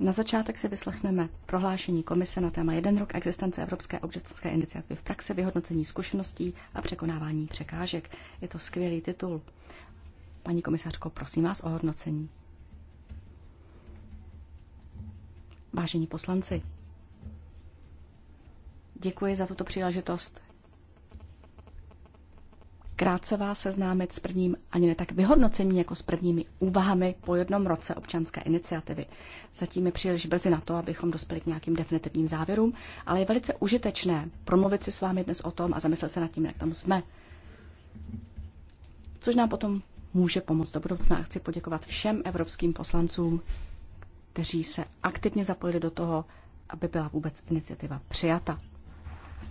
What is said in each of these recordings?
Na začátek si vyslechneme prohlášení komise na téma jeden rok existence Evropské občanské iniciativy v praxi, vyhodnocení zkušeností a překonávání překážek. Je to skvělý titul. Paní komisařko, prosím vás o hodnocení. Vážení poslanci, děkuji za tuto příležitost krátce vás seznámit s prvním, ani ne tak vyhodnocením, jako s prvními úvahami po jednom roce občanské iniciativy. Zatím je příliš brzy na to, abychom dospěli k nějakým definitivním závěrům, ale je velice užitečné promluvit si s vámi dnes o tom a zamyslet se nad tím, jak tam jsme. Což nám potom může pomoct do budoucna. A chci poděkovat všem evropským poslancům, kteří se aktivně zapojili do toho, aby byla vůbec iniciativa přijata.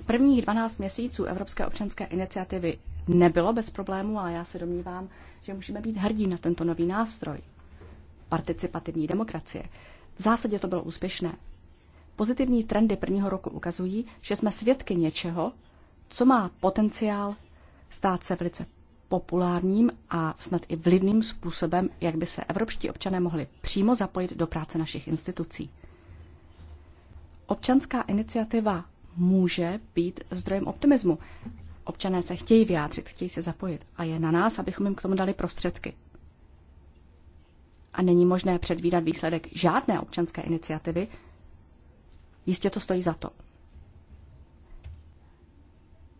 Prvních 12 měsíců Evropské občanské iniciativy nebylo bez problémů, ale já se domnívám, že můžeme být hrdí na tento nový nástroj participativní demokracie. V zásadě to bylo úspěšné. Pozitivní trendy prvního roku ukazují, že jsme svědky něčeho, co má potenciál stát se velice populárním a snad i vlivným způsobem, jak by se evropští občané mohli přímo zapojit do práce našich institucí. Občanská iniciativa může být zdrojem optimismu. Občané se chtějí vyjádřit, chtějí se zapojit a je na nás, abychom jim k tomu dali prostředky. A není možné předvídat výsledek žádné občanské iniciativy, jistě to stojí za to.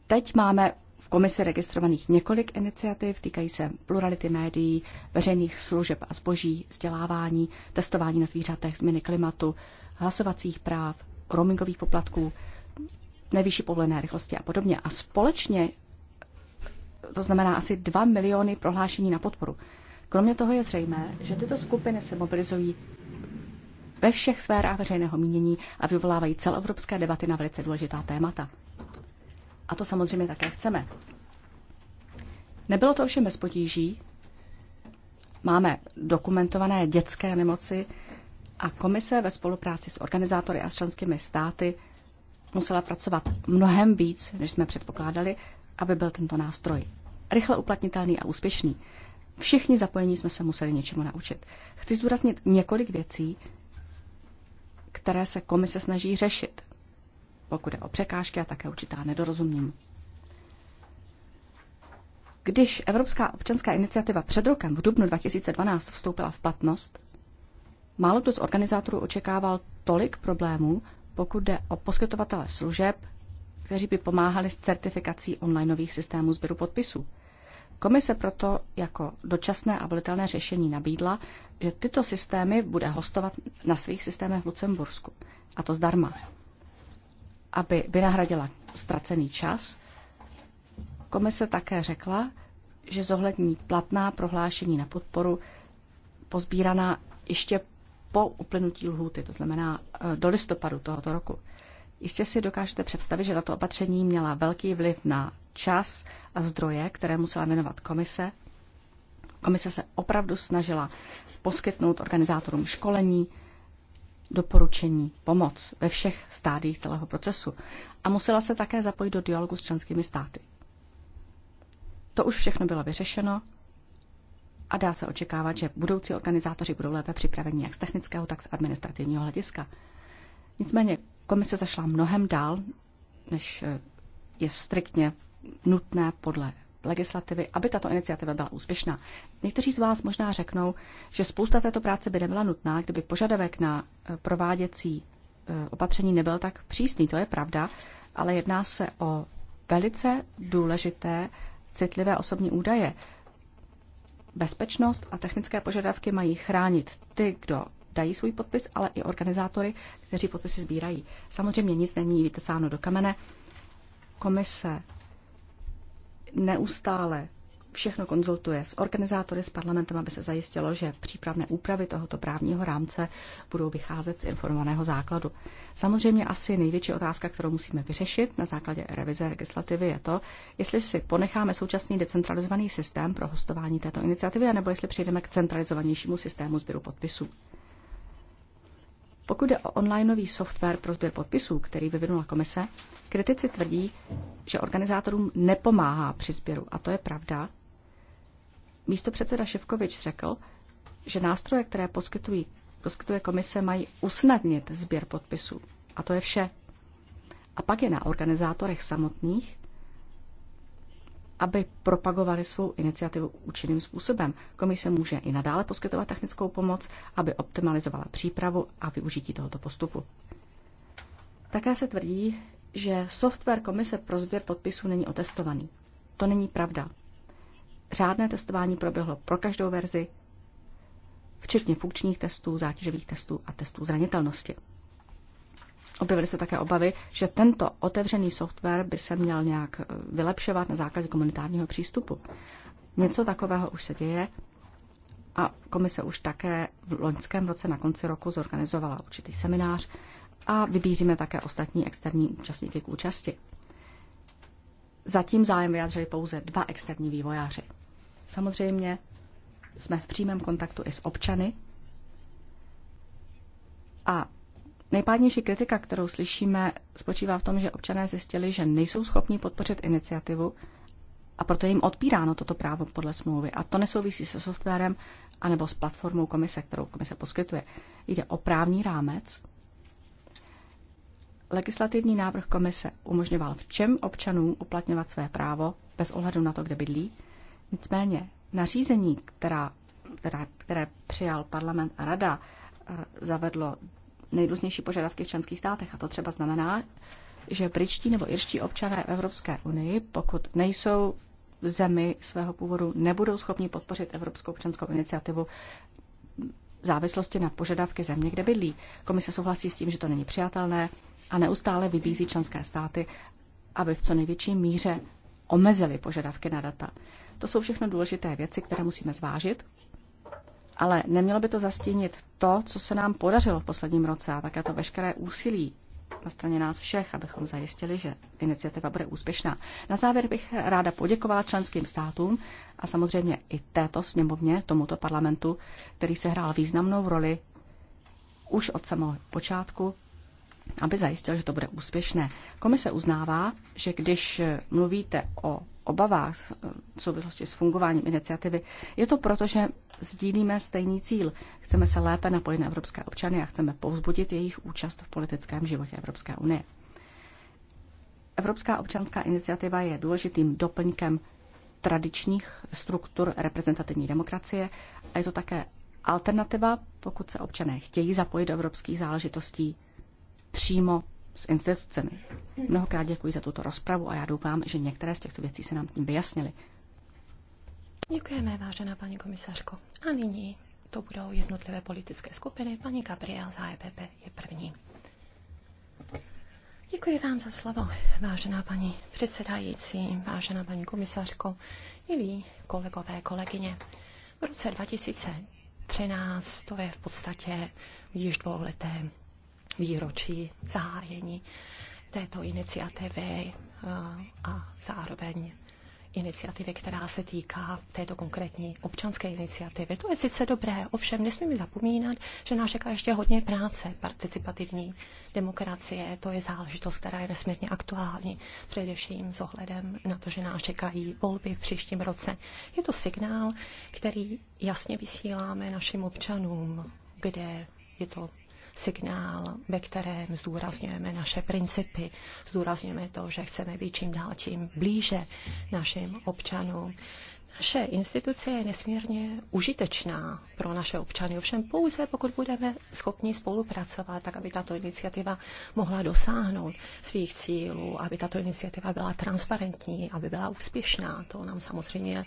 Teď máme v komisi registrovaných několik iniciativ, týkají se plurality médií, veřejných služeb a zboží, vzdělávání, testování na zvířatech, změny klimatu, hlasovacích práv, roamingových poplatků, nejvyšší povolené rychlosti a podobně. A společně to znamená asi 2 miliony prohlášení na podporu. Kromě toho je zřejmé, že tyto skupiny se mobilizují ve všech sférách veřejného mínění a vyvolávají celoevropské debaty na velice důležitá témata. A to samozřejmě také chceme. Nebylo to ovšem bez potíží. Máme dokumentované dětské nemoci a komise ve spolupráci s organizátory a s členskými státy musela pracovat mnohem víc, než jsme předpokládali, aby byl tento nástroj rychle uplatnitelný a úspěšný. Všichni zapojení jsme se museli něčemu naučit. Chci zdůraznit několik věcí, které se komise snaží řešit, pokud je o překážky a také určitá nedorozumění. Když Evropská občanská iniciativa před rokem v dubnu 2012 vstoupila v platnost, málo kdo z organizátorů očekával tolik problémů pokud jde o poskytovatele služeb, kteří by pomáhali s certifikací onlineových systémů sběru podpisů. Komise proto jako dočasné a volitelné řešení nabídla, že tyto systémy bude hostovat na svých systémech v Lucembursku. A to zdarma. Aby vynahradila ztracený čas, komise také řekla, že zohlední platná prohlášení na podporu pozbíraná ještě po uplynutí lhůty, to znamená eh, do listopadu tohoto roku. Jistě si dokážete představit, že tato opatření měla velký vliv na čas a zdroje, které musela věnovat komise. Komise se opravdu snažila poskytnout organizátorům školení, doporučení, pomoc ve všech stádiích celého procesu a musela se také zapojit do dialogu s členskými státy. To už všechno bylo vyřešeno a dá se očekávat, že budoucí organizátoři budou lépe připraveni jak z technického, tak z administrativního hlediska. Nicméně komise zašla mnohem dál, než eh, je striktně nutné podle legislativy, aby tato iniciativa byla úspěšná. Někteří z vás možná řeknou, že spousta této práce by nebyla nutná, kdyby požadavek na eh, prováděcí eh, opatření nebyl tak přísný. To je pravda, ale jedná se o velice důležité citlivé osobní údaje. Bezpečnost a technické požadavky mají chránit ty, kdo dají svůj podpis, ale i organizátory, kteří podpisy sbírají. Samozřejmě nic není vytesáno do kamene. Komise neustále všechno konzultuje s organizátory, s parlamentem, aby se zajistilo, že přípravné úpravy tohoto právního rámce budou vycházet z informovaného základu. Samozřejmě asi největší otázka, kterou musíme vyřešit na základě revize legislativy, je to, jestli si ponecháme současný decentralizovaný systém pro hostování této iniciativy, nebo jestli přejdeme k centralizovanějšímu systému sběru podpisů. Pokud jde o onlineový software pro sběr podpisů, který vyvinula komise, kritici tvrdí, že organizátorům nepomáhá při sběru. A to je pravda, místo předseda Ševkovič řekl, že nástroje, které poskytují, poskytuje komise, mají usnadnit sběr podpisů. A to je vše. A pak je na organizátorech samotných, aby propagovali svou iniciativu účinným způsobem. Komise může i nadále poskytovat technickou pomoc, aby optimalizovala přípravu a využití tohoto postupu. Také se tvrdí, že software Komise pro sběr podpisů není otestovaný. To není pravda. Řádné testování proběhlo pro každou verzi, včetně funkčních testů, zátěžových testů a testů zranitelnosti. Objevily se také obavy, že tento otevřený software by se měl nějak eh, vylepšovat na základě komunitárního přístupu. Něco takového už se děje a komise už také v loňském roce na konci roku zorganizovala určitý seminář a vybízíme také ostatní externí účastníky k účasti. Zatím zájem vyjádřili pouze dva externí vývojáři. Samozřejmě jsme v přímém kontaktu i s občany. A nejpádnější kritika, kterou slyšíme, spočívá v tom, že občané zjistili, že nejsou schopni podpořit iniciativu a proto je jim odpíráno toto právo podle smlouvy. A to nesouvisí se softwarem anebo s platformou komise, kterou komise poskytuje. Jde o právní rámec. Legislativní návrh komise umožňoval všem občanům uplatňovat své právo bez ohledu na to, kde bydlí, Nicméně nařízení, která, která, které přijal parlament a rada, eh, zavedlo nejrůznější požadavky v členských státech. A to třeba znamená, že britští nebo irští občané v Evropské unii, pokud nejsou v zemi svého původu, nebudou schopni podpořit Evropskou občanskou iniciativu v závislosti na požadavky země, kde bydlí. Komise souhlasí s tím, že to není přijatelné a neustále vybízí členské státy, aby v co největší míře omezili požadavky na data. To jsou všechno důležité věci, které musíme zvážit, ale nemělo by to zastínit to, co se nám podařilo v posledním roce a také to veškeré úsilí na straně nás všech, abychom zajistili, že iniciativa bude úspěšná. Na závěr bych ráda poděkovala členským státům a samozřejmě i této sněmovně, tomuto parlamentu, který se hrál významnou roli už od samého počátku aby zajistil, že to bude úspěšné. Komise uznává, že když mluvíte o obavách v souvislosti s fungováním iniciativy, je to proto, že sdílíme stejný cíl. Chceme se lépe napojit na evropské občany a chceme povzbudit jejich účast v politickém životě Evropské unie. Evropská občanská iniciativa je důležitým doplňkem tradičních struktur reprezentativní demokracie a je to také alternativa, pokud se občané chtějí zapojit do evropských záležitostí přímo s institucemi. Mnohokrát děkuji za tuto rozpravu a já doufám, že některé z těchto věcí se nám tím vyjasnily. Děkujeme, vážená paní komisařko. A nyní to budou jednotlivé politické skupiny. Paní Gabriel za EPP je první. Děkuji vám za slovo, vážená paní předsedající, vážená paní komisařko, milí kolegové, kolegyně. V roce 2013 to je v podstatě již dvouleté výročí zahájení této iniciativy eh, a zároveň iniciativy, která se týká této konkrétní občanské iniciativy. To je sice dobré, ovšem nesmíme zapomínat, že nás čeká ještě hodně práce. Participativní demokracie, to je záležitost, která je nesmírně aktuální, především s ohledem na to, že nás čekají volby v příštím roce. Je to signál, který jasně vysíláme našim občanům, kde je to signál, ve kterém zdůrazňujeme naše principy, zdůrazňujeme to, že chceme být čím dál tím blíže našim občanům. Naše instituce je nesmírně užitečná pro naše občany, ovšem pouze pokud budeme schopni spolupracovat, tak aby tato iniciativa mohla dosáhnout svých cílů, aby tato iniciativa byla transparentní, aby byla úspěšná. To nám samozřejmě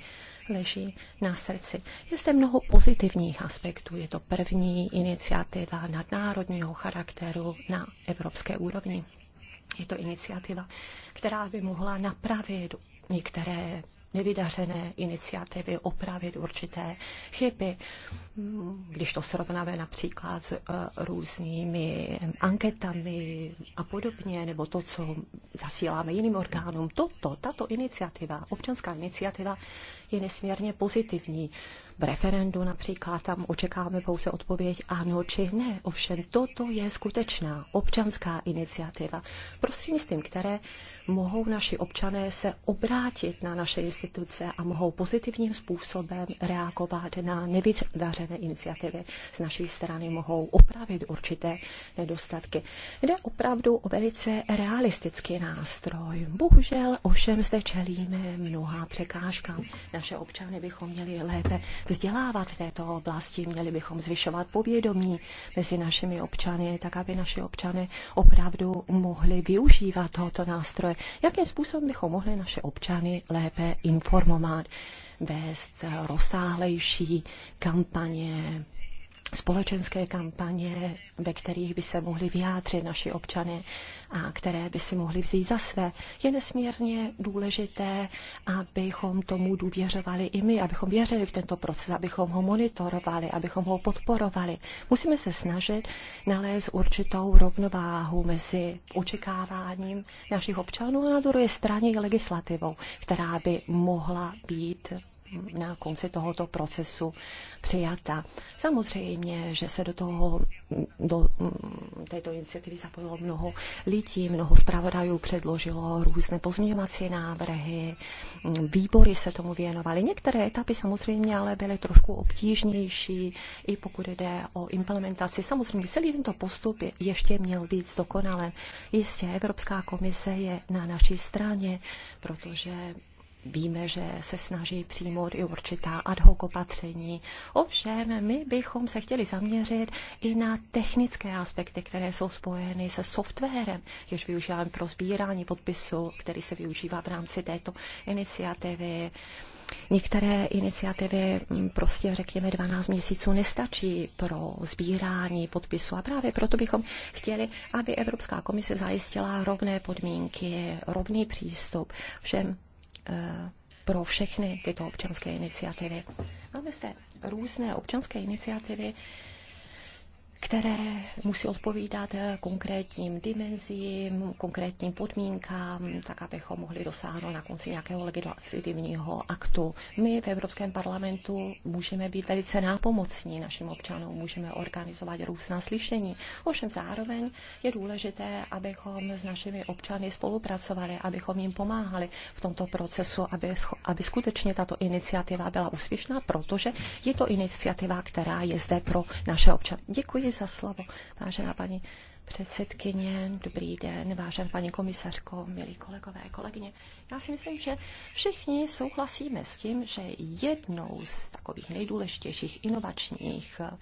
leží na srdci. Je zde mnoho pozitivních aspektů. Je to první iniciativa nadnárodního charakteru na evropské úrovni. Je to iniciativa, která by mohla napravit některé nevydařené iniciativy, opravit určité chyby. Když to srovnáme například s eh, různými anketami a podobně, nebo to, co zasíláme jiným orgánům, toto, tato iniciativa, občanská iniciativa, je nesmírně pozitivní. V referendu například tam očekáváme pouze odpověď ano či ne. Ovšem toto je skutečná občanská iniciativa, prostřednictvím které mohou naši občané se obrátit na naše instituce a mohou pozitivním způsobem reagovat na nevydařené iniciativy. Z naší strany mohou opravit určité nedostatky. Jde opravdu o velice realistický nástroj. Bohužel ovšem zde čelíme mnoha překážkám. Na naše občany bychom měli lépe vzdělávat v této oblasti, měli bychom zvyšovat povědomí mezi našimi občany, tak aby naše občany opravdu mohli využívat tohoto nástroje. Jakým způsobem bychom mohli naše občany lépe informovat, vést rozsáhlejší kampaně, společenské kampaně, ve kterých by se mohli vyjádřit naši občany a které by si mohli vzít za své. Je nesmírně důležité, abychom tomu důvěřovali i my, abychom věřili v tento proces, abychom ho monitorovali, abychom ho podporovali. Musíme se snažit nalézt určitou rovnováhu mezi očekáváním našich občanů a na druhé straně legislativou, která by mohla být na konci tohoto procesu přijata. Samozřejmě, že se do toho, do mm, této iniciativy zapojilo mnoho lidí, mnoho zpravodajů předložilo různé pozměňovací návrhy, výbory se tomu věnovaly. Některé etapy samozřejmě ale byly trošku obtížnější, i pokud jde o implementaci. Samozřejmě celý tento postup ještě měl být dokonalý. Jistě Evropská komise je na naší straně, protože Víme, že se snaží přijmout i určitá ad hoc opatření. Ovšem, my bychom se chtěli zaměřit i na technické aspekty, které jsou spojeny se softwarem, jež využíváme pro sbírání podpisu, který se využívá v rámci této iniciativy. Některé iniciativy mm, prostě řekněme 12 měsíců nestačí pro sbírání podpisu a právě proto bychom chtěli, aby Evropská komise zajistila rovné podmínky, rovný přístup všem Eh, pro všechny tyto občanské iniciativy. Máme zde různé občanské iniciativy, které musí odpovídat eh, konkrétním dimenzím, konkrétním podmínkám, tak abychom mohli dosáhnout na konci nějakého legislativního aktu. My v Evropském parlamentu můžeme být velice nápomocní našim občanům, můžeme organizovat různá slyšení. Ovšem zároveň je důležité, abychom s našimi občany spolupracovali, abychom jim pomáhali v tomto procesu, aby, aby skutečně tato iniciativa byla úspěšná, protože je to iniciativa, která je zde pro naše občany. Děkuji Děkuji za slovo, vážená paní předsedkyně, dobrý den, vážená paní komisařko, milí kolegové, kolegyně. Já si myslím, že všichni souhlasíme s tím, že jednou z takových nejdůležitějších inovačních uh,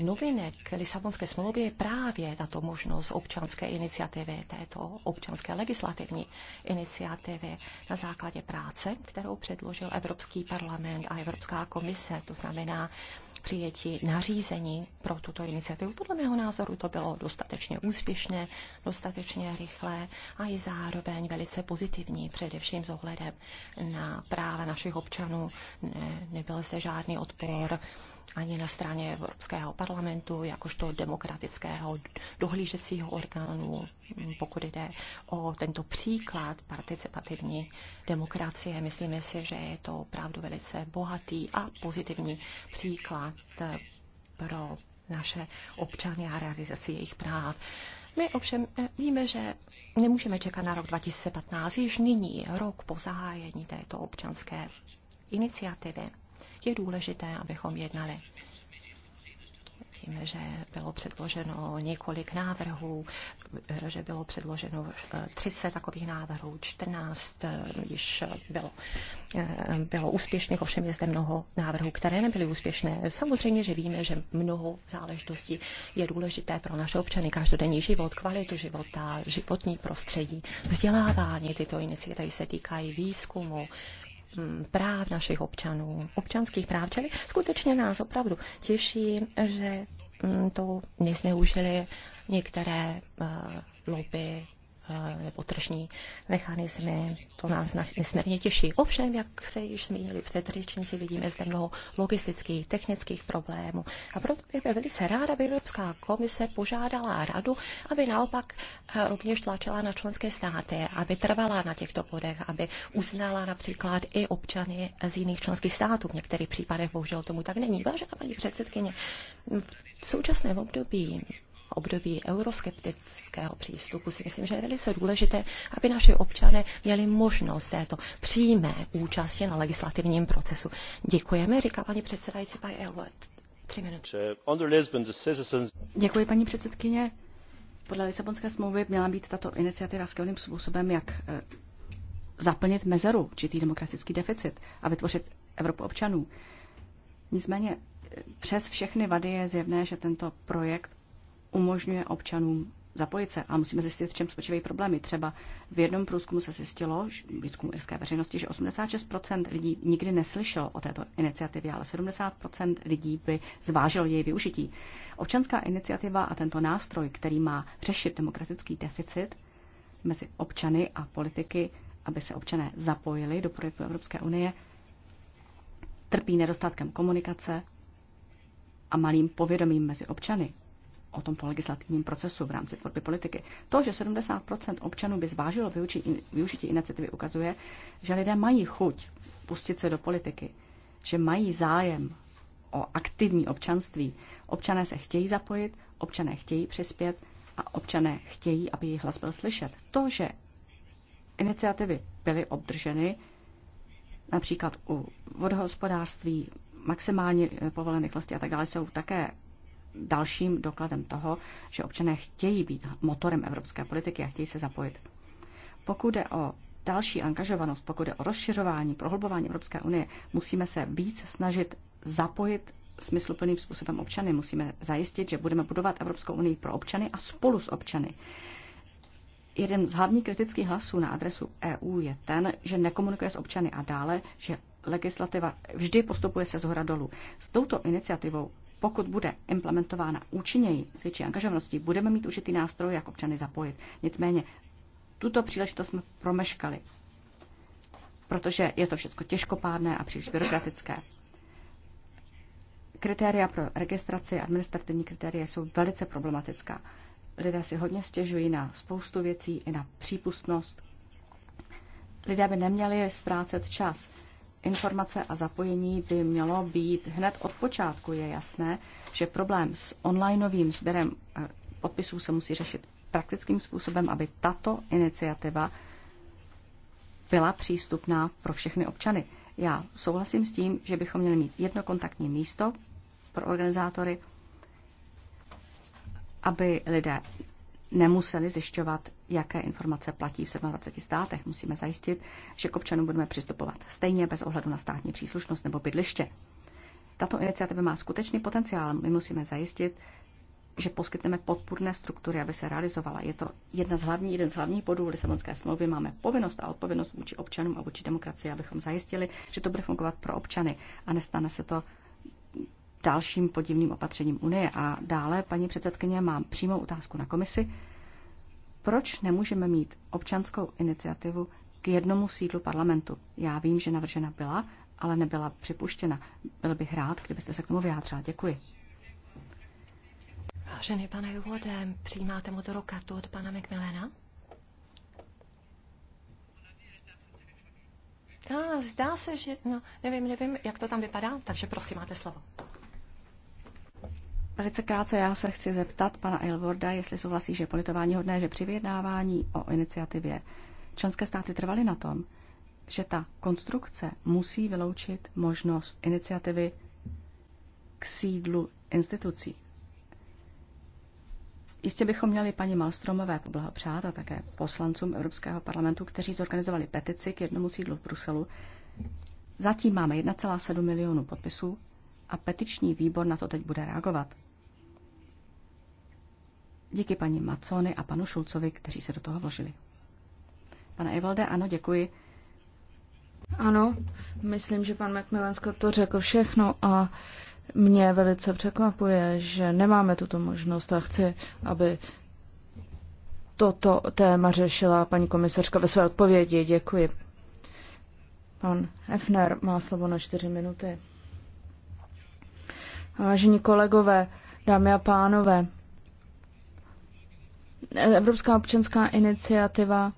novinek Lisabonské smlouvy je právě tato možnost občanské iniciativy, této občanské legislativní iniciativy na základě práce, kterou předložil Evropský parlament a Evropská komise, to znamená přijetí nařízení pro tuto iniciativu. Podle mého názoru to bylo dostatečně úspěšné, dostatečně rychlé a i zároveň velice pozitivní, především s ohledem na práva našich občanů. Ne, nebyl zde žádný odpor ani na straně Evropského parlamentu, jakožto demokratického dohlížecího orgánu, pokud jde o tento příklad participativní demokracie. Myslíme si, že je to opravdu velice bohatý a pozitivní příklad pro naše občany a realizaci jejich práv. My ovšem eh, víme, že nemůžeme čekat na rok 2015, již nyní, rok po zahájení této občanské iniciativy je důležité, abychom jednali. Víme, že bylo předloženo několik návrhů, že bylo předloženo 30 eh, takových návrhů, 14 eh, již bylo, eh, bylo úspěšných, ovšem je zde mnoho návrhů, které nebyly úspěšné. Samozřejmě, že víme, že mnoho záležitostí je důležité pro naše občany, každodenní život, kvalitu života, životní prostředí, vzdělávání. Tyto iniciativy se týkají výzkumu, Mm, práv našich občanů, občanských práv. Čili skutečně nás opravdu těší, že mm, to nezneužili některé eh, lobby nebo tržní mechanismy. To nás nesmírně těší. Ovšem, jak se již zmínili tržičnici, vidíme zde mnoho logistických, technických problémů. A proto bych byl velice ráda, aby Evropská komise požádala radu, aby naopak rovněž tlačila na členské státy, aby trvala na těchto bodech, aby uznala například i občany z jiných členských států. V některých případech bohužel tomu tak není. Vážená paní předsedkyně, v současném období období euroskeptického přístupu si myslím, že je velice důležité, aby naši občané měli možnost této přímé účasti na legislativním procesu. Děkujeme, říká paní předsedající paní Elwood. Tři minuty. Děkuji, paní předsedkyně. Podle Lisabonské smlouvy měla být tato iniciativa skvělým způsobem, jak eh, zaplnit mezeru, určitý demokratický deficit a vytvořit Evropu občanů. Nicméně eh, přes všechny vady je zjevné, že tento projekt umožňuje občanům zapojit se a musíme zjistit, v čem spočívají problémy. Třeba v jednom průzkumu se zjistilo, výzkumu irské veřejnosti, že 86% lidí nikdy neslyšelo o této iniciativě, ale 70% lidí by zvážilo její využití. Občanská iniciativa a tento nástroj, který má řešit demokratický deficit mezi občany a politiky, aby se občané zapojili do projektu Evropské unie, trpí nedostatkem komunikace a malým povědomím mezi občany o tom po legislativním procesu v rámci tvorby politiky. To, že 70 občanů by zvážilo využití iniciativy, ukazuje, že lidé mají chuť pustit se do politiky, že mají zájem o aktivní občanství. Občané se chtějí zapojit, občané chtějí přispět a občané chtějí, aby jejich hlas byl slyšet. To, že iniciativy byly obdrženy, například u vodohospodářství, maximálně eh, povolených vlastí a tak dále, jsou také dalším dokladem toho, že občané chtějí být motorem evropské politiky a chtějí se zapojit. Pokud je o další angažovanost, pokud je o rozšiřování, prohlubování Evropské unie, musíme se víc snažit zapojit smysluplným způsobem občany. Musíme zajistit, že budeme budovat Evropskou unii pro občany a spolu s občany. Jeden z hlavních kritických hlasů na adresu EU je ten, že nekomunikuje s občany a dále, že legislativa vždy postupuje se zhora dolů. S touto iniciativou pokud bude implementována účinněji s větší angažovaností, budeme mít určitý nástroj, jak občany zapojit. Nicméně tuto příležitost jsme promeškali, protože je to všechno těžkopádné a příliš byrokratické. Kritéria pro registraci, administrativní kritéria jsou velice problematická. Lidé si hodně stěžují na spoustu věcí i na přípustnost. Lidé by neměli ztrácet čas Informace a zapojení by mělo být hned od počátku. Je jasné, že problém s onlineovým sběrem eh, podpisů se musí řešit praktickým způsobem, aby tato iniciativa byla přístupná pro všechny občany. Já souhlasím s tím, že bychom měli mít jedno kontaktní místo pro organizátory, aby lidé nemuseli zjišťovat, jaké informace platí v 27 státech. Musíme zajistit, že k občanům budeme přistupovat stejně bez ohledu na státní příslušnost nebo bydliště. Tato iniciativa má skutečný potenciál. My musíme zajistit, že poskytneme podpůrné struktury, aby se realizovala. Je to jedna z hlavní, jeden z hlavních bodů Lisabonské smlouvy. Máme povinnost a odpovědnost vůči občanům a vůči demokracii, abychom zajistili, že to bude fungovat pro občany a nestane se to dalším podivným opatřením Unie. A dále, paní předsedkyně, mám přímou otázku na komisi. Proč nemůžeme mít občanskou iniciativu k jednomu sídlu parlamentu? Já vím, že navržena byla, ale nebyla připuštěna. Byl bych rád, kdybyste se k tomu vyjádřila. Děkuji. Vážený pane úvodem, přijímáte modrou kartu od pana McMillena? A zdá se, že, no, nevím, nevím, jak to tam vypadá, takže prosím, máte slovo. Velice krátce já se chci zeptat pana Elvorda, jestli souhlasí, že politování hodné, že při vyjednávání o iniciativě členské státy trvaly na tom, že ta konstrukce musí vyloučit možnost iniciativy k sídlu institucí. Jistě bychom měli paní Malstromové poblahopřát a také poslancům Evropského parlamentu, kteří zorganizovali petici k jednomu sídlu v Bruselu. Zatím máme 1,7 milionu podpisů a petiční výbor na to teď bude reagovat. Díky paní Macony a panu Šulcovi, kteří se do toho vložili. Pane Evalde, ano, děkuji. Ano, myslím, že pan Macmillan Scott to řekl všechno a mě velice překvapuje, že nemáme tuto možnost a chci, aby toto téma řešila paní komisařka ve své odpovědi. Děkuji. Pan Efner má slovo na čtyři minuty. Vážení kolegové, dámy a pánové, Evropská občanská iniciativa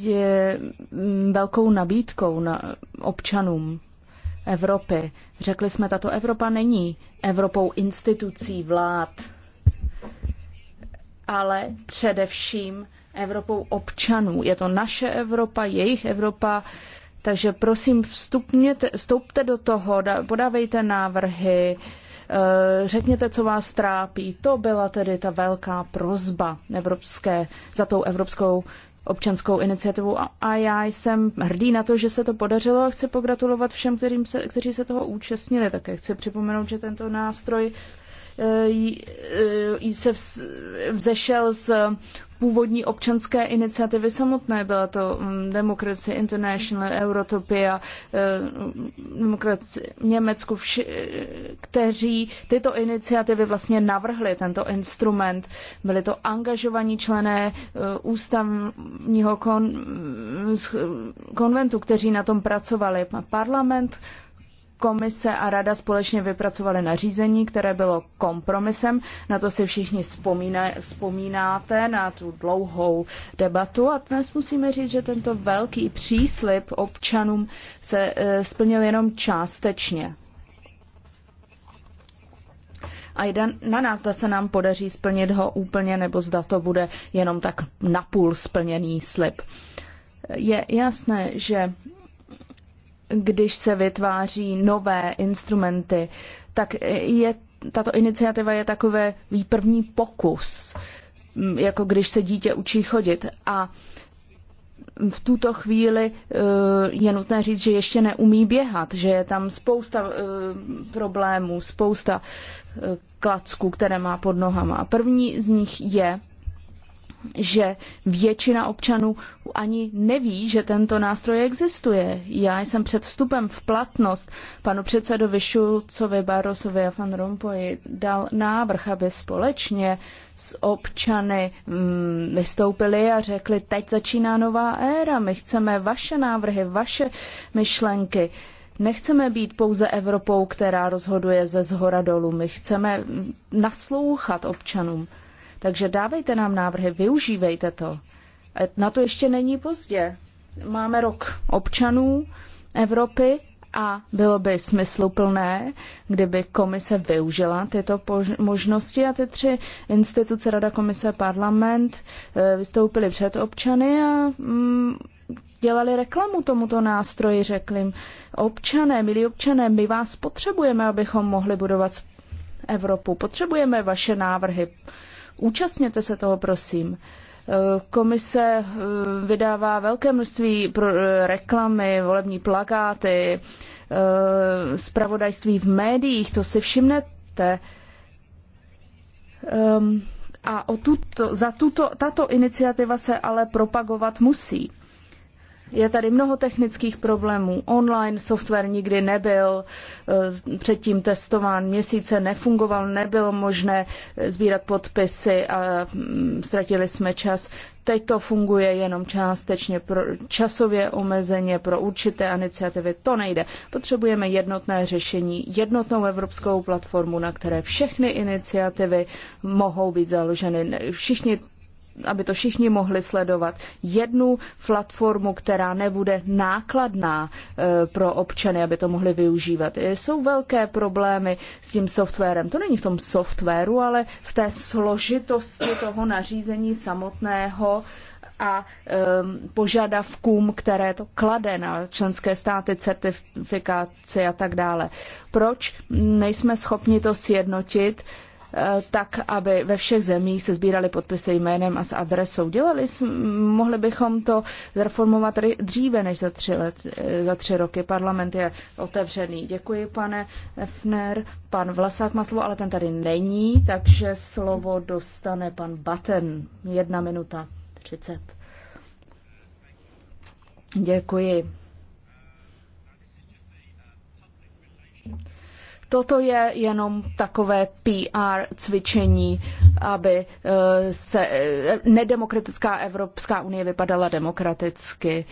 je mm, velkou nabídkou na občanům Evropy. Řekli jsme, tato Evropa není Evropou institucí, vlád, ale především Evropou občanů. Je to naše Evropa, jejich Evropa, takže prosím vstupněte, vstoupte do toho, podávejte návrhy, Eh, řekněte, co vás trápí. To byla tedy ta velká prozba evropské, za tou evropskou občanskou iniciativu a, a já jsem hrdý na to, že se to podařilo a chci pogratulovat všem, kterým se, kteří se toho účastnili. Také chci připomenout, že tento nástroj eh, eh, se vzešel z původní občanské iniciativy samotné. Byla to mm, Democracy International, Eurotopia, eh, Demokraci Německu, vši, kteří tyto iniciativy vlastně navrhli, tento instrument. Byli to angažovaní člené eh, ústavního kon, mm, konventu, kteří na tom pracovali. Parlament Komise a rada společně vypracovaly nařízení, které bylo kompromisem. Na to si všichni vzpomínáte, na tu dlouhou debatu. A dnes musíme říct, že tento velký příslip občanům se e, splnil jenom částečně. A jde na nás, zda se nám podaří splnit ho úplně, nebo zda to bude jenom tak napůl splněný slib. Je jasné, že když se vytváří nové instrumenty, tak je, tato iniciativa je takové první pokus, mm, jako když se dítě učí chodit. A v tuto chvíli eh, je nutné říct, že ještě neumí běhat, že je tam spousta eh, problémů, spousta eh, klacků, které má pod nohama. A první z nich je že většina občanů ani neví, že tento nástroj existuje. Já jsem před vstupem v platnost panu předsedovi Šulcovi, Barosovi a Van Rompuy dal návrh, aby společně s občany mm, vystoupili a řekli, teď začíná nová éra, my chceme vaše návrhy, vaše myšlenky. Nechceme být pouze Evropou, která rozhoduje ze zhora dolů. My chceme mm, naslouchat občanům. Takže dávejte nám návrhy, využívejte to. E, na to ještě není pozdě. Máme rok občanů Evropy a bylo by smysluplné, kdyby komise využila tyto možnosti a ty tři instituce, Rada, Komise, Parlament, e, vystoupily před občany a mm, dělali reklamu tomuto nástroji, řekli jim, občané, milí občané, my vás potřebujeme, abychom mohli budovat Evropu. Potřebujeme vaše návrhy, Účastněte se toho, prosím. Eh, komise eh, vydává velké množství eh, reklamy, volební plakáty, zpravodajství v médiích, to si všimnete. Ehm, a o tuto, za tuto, tato iniciativa se ale propagovat musí. Je tady mnoho technických problémů. Online software nikdy nebyl eh, předtím testován, měsíce nefungoval, nebylo možné sbírat podpisy a mm, ztratili jsme čas. Teď to funguje jenom částečně pro, časově omezeně pro určité iniciativy. To nejde. Potřebujeme jednotné řešení, jednotnou evropskou platformu, na které všechny iniciativy mohou být založeny. Všichni aby to všichni mohli sledovat, jednu platformu, která nebude nákladná eh, pro občany, aby to mohli využívat. Eh, jsou velké problémy s tím softwarem. To není v tom softwaru, ale v té složitosti toho nařízení samotného a um, požadavkům, které to klade na členské státy, certifikace a tak dále. Proč nejsme schopni to sjednotit? Uh, Eh, tak, aby ve všech zemích se sbírali podpisy jménem a s adresou. Dělali mohli bychom to zreformovat dříve než za tři, let, eh, za tři roky. Parlament je otevřený. Děkuji, pane Efner. Pan Vlasák má slovo, ale ten tady není, takže slovo dostane pan Batten. Jedna minuta třicet. Děkuji. Toto je jenom takové PR cvičení, aby eh, se eh, nedemokratická Evropská unie vypadala demokraticky.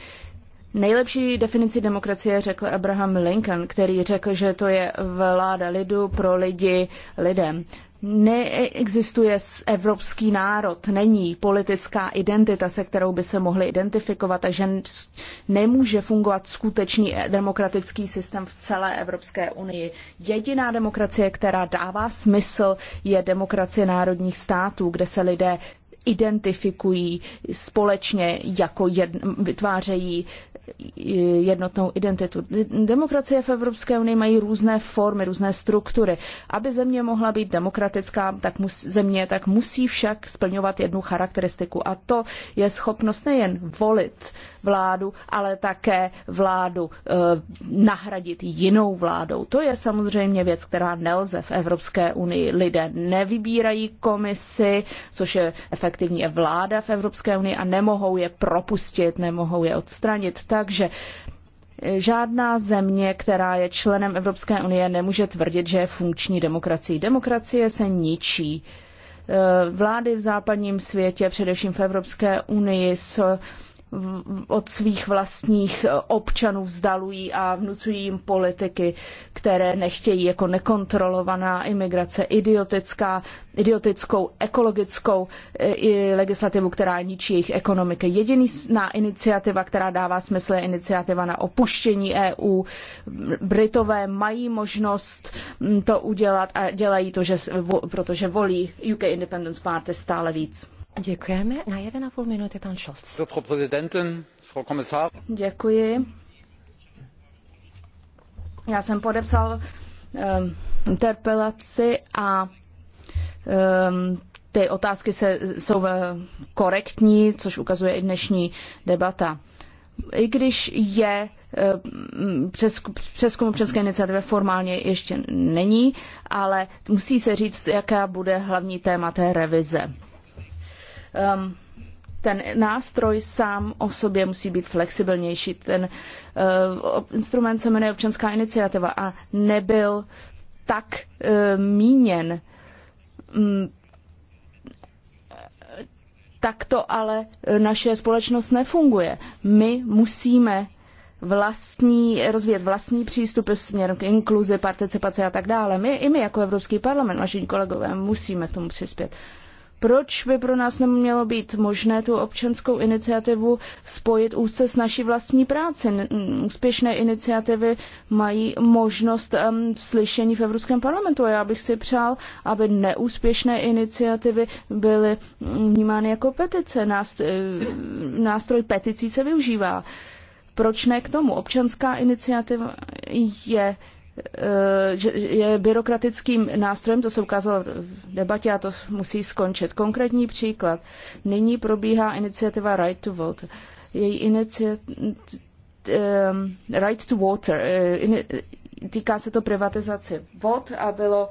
Nejlepší definici demokracie řekl Abraham Lincoln, který řekl, že to je vláda lidu pro lidi lidem. Neexistuje evropský národ, není politická identita, se kterou by se mohli identifikovat, a že nemůže fungovat skutečný e- demokratický systém v celé Evropské unii. Jediná demokracie, která dává smysl, je demokracie národních států, kde se lidé identifikují společně, jako jedn, vytvářejí jednotnou identitu. Demokracie v Evropské unii mají různé formy, různé struktury. Aby země mohla být demokratická, tak mus, země tak musí však splňovat jednu charakteristiku a to je schopnost nejen volit vládu, ale také vládu eh, nahradit jinou vládou. To je samozřejmě věc, která nelze v Evropské unii. Lidé nevybírají komisi, což je efektivně vláda v Evropské unii a nemohou je propustit, nemohou je odstranit. Takže eh, Žádná země, která je členem Evropské unie, nemůže tvrdit, že je funkční demokracií. Demokracie se ničí. Eh, vlády v západním světě, především v Evropské unii, od svých vlastních eh, občanů vzdalují a vnucují jim politiky, které nechtějí jako nekontrolovaná imigrace, idiotická, idiotickou ekologickou eh, i legislativu, která ničí jejich ekonomiky. Jediná iniciativa, která dává smysl, je iniciativa na opuštění EU. Britové mají možnost mm, to udělat a dělají to, že, protože volí UK Independence Party stále víc. Děkujeme. Na 1,5 minuty pan Scholz. Děkuji. Já jsem podepsal ehm, interpelaci a ehm, ty otázky se, jsou eh, korektní, což ukazuje i dnešní debata. I když je ehm, přeskum občanské iniciativy formálně ještě není, ale musí se říct, jaká bude hlavní téma té revize um, ten nástroj sám o sobě musí být flexibilnější. Ten uh, instrument se jmenuje občanská iniciativa a nebyl tak uh, míněn. Um, mm, takto ale eh, naše společnost nefunguje. My musíme vlastní, rozvíjet vlastní přístupy směrem k inkluzi, participaci a tak dále. My i my jako Evropský parlament, naši kolegové, musíme k tomu přispět. Uh, proč by pro nás nemělo být možné tu občanskou iniciativu spojit úzce s naší vlastní práci? Úspěšné iniciativy mají možnost um, slyšení v Evropském parlamentu a já bych si přál, aby neúspěšné iniciativy byly mm, vnímány jako petice. E, nástroj peticí se využívá. Proč ne k tomu? Občanská iniciativa je Eh, je byrokratickým nástrojem, to se ukázalo v debatě a to musí skončit. Konkrétní příklad. Nyní probíhá iniciativa Right to Vote. Její iniciativa eh, Right to Water. Eh, týká se to privatizace vod a bylo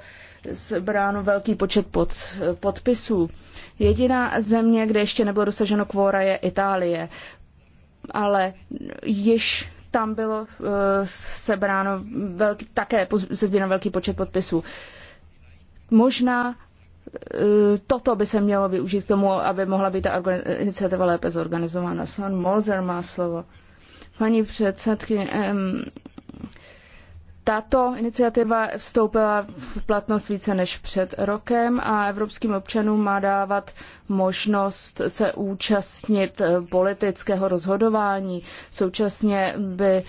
zbráno velký počet pod, podpisů. Jediná země, kde ještě nebylo dosaženo kvóra, je Itálie. Ale již tam bylo uh, sebráno velký, také se sbíral velký počet podpisů. Možná uh, toto by se mělo využít k tomu, aby mohla být ta iniciativa lépe zorganizována. San Molzer má slovo. Paní předsedkyně, um, tato iniciativa vstoupila v platnost více než před rokem a evropským občanům má dávat možnost se účastnit eh, politického rozhodování. Současně by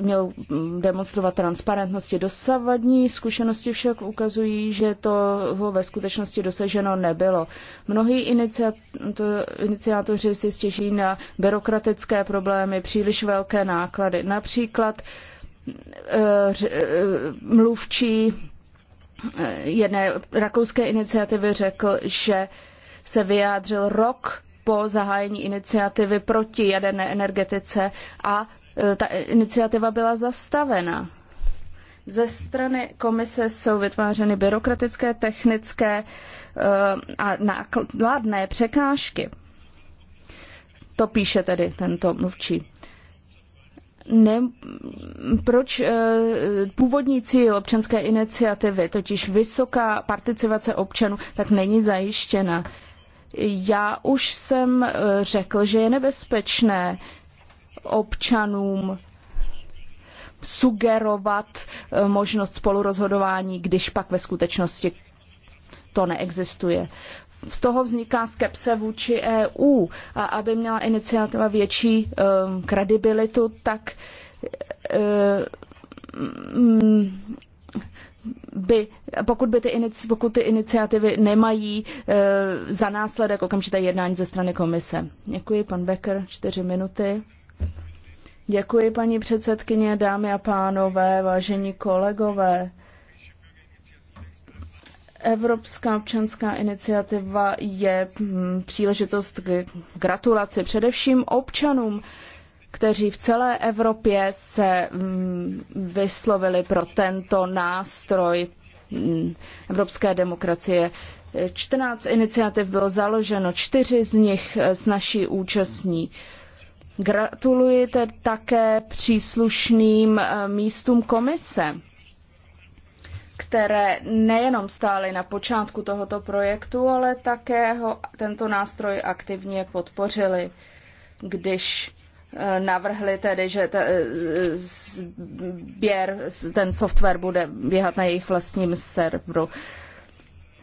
měl demonstrovat transparentnosti. Dosavadní zkušenosti však ukazují, že toho ve skutečnosti dosaženo nebylo. Mnohí iniciátoři si stěží na byrokratické problémy, příliš velké náklady. Například Eh, eh, mluvčí eh, jedné rakouské iniciativy řekl, že se vyjádřil rok po zahájení iniciativy proti jaderné energetice a ta iniciativa byla zastavena. Ze strany komise jsou vytvářeny byrokratické, technické a nákladné překážky. To píše tedy tento mluvčí ne, proč eh, původní cíl občanské iniciativy, totiž vysoká participace občanů, tak není zajištěna. Já už jsem eh, řekl, že je nebezpečné občanům sugerovat eh, možnost spolurozhodování, když pak ve skutečnosti to neexistuje z toho vzniká skepse vůči EU a aby měla iniciativa větší um, kredibilitu, tak um, by, pokud, by ty, inici, pokud ty iniciativy nemají uh, za následek okamžité jednání ze strany komise. Děkuji, pan Becker, čtyři minuty. Děkuji, paní předsedkyně, dámy a pánové, vážení kolegové. Evropská občanská iniciativa je mm, příležitost k gratulaci především občanům, kteří v celé Evropě se mm, vyslovili pro tento nástroj mm, evropské demokracie. 14 iniciativ bylo založeno, čtyři z nich eh, s naší účastní. Gratulujete také příslušným eh, místům komise které nejenom stály na počátku tohoto projektu, ale také ho, tento nástroj aktivně podpořili, když eh, navrhli tedy, že te, eh, sběr, ten software bude běhat na jejich vlastním serveru.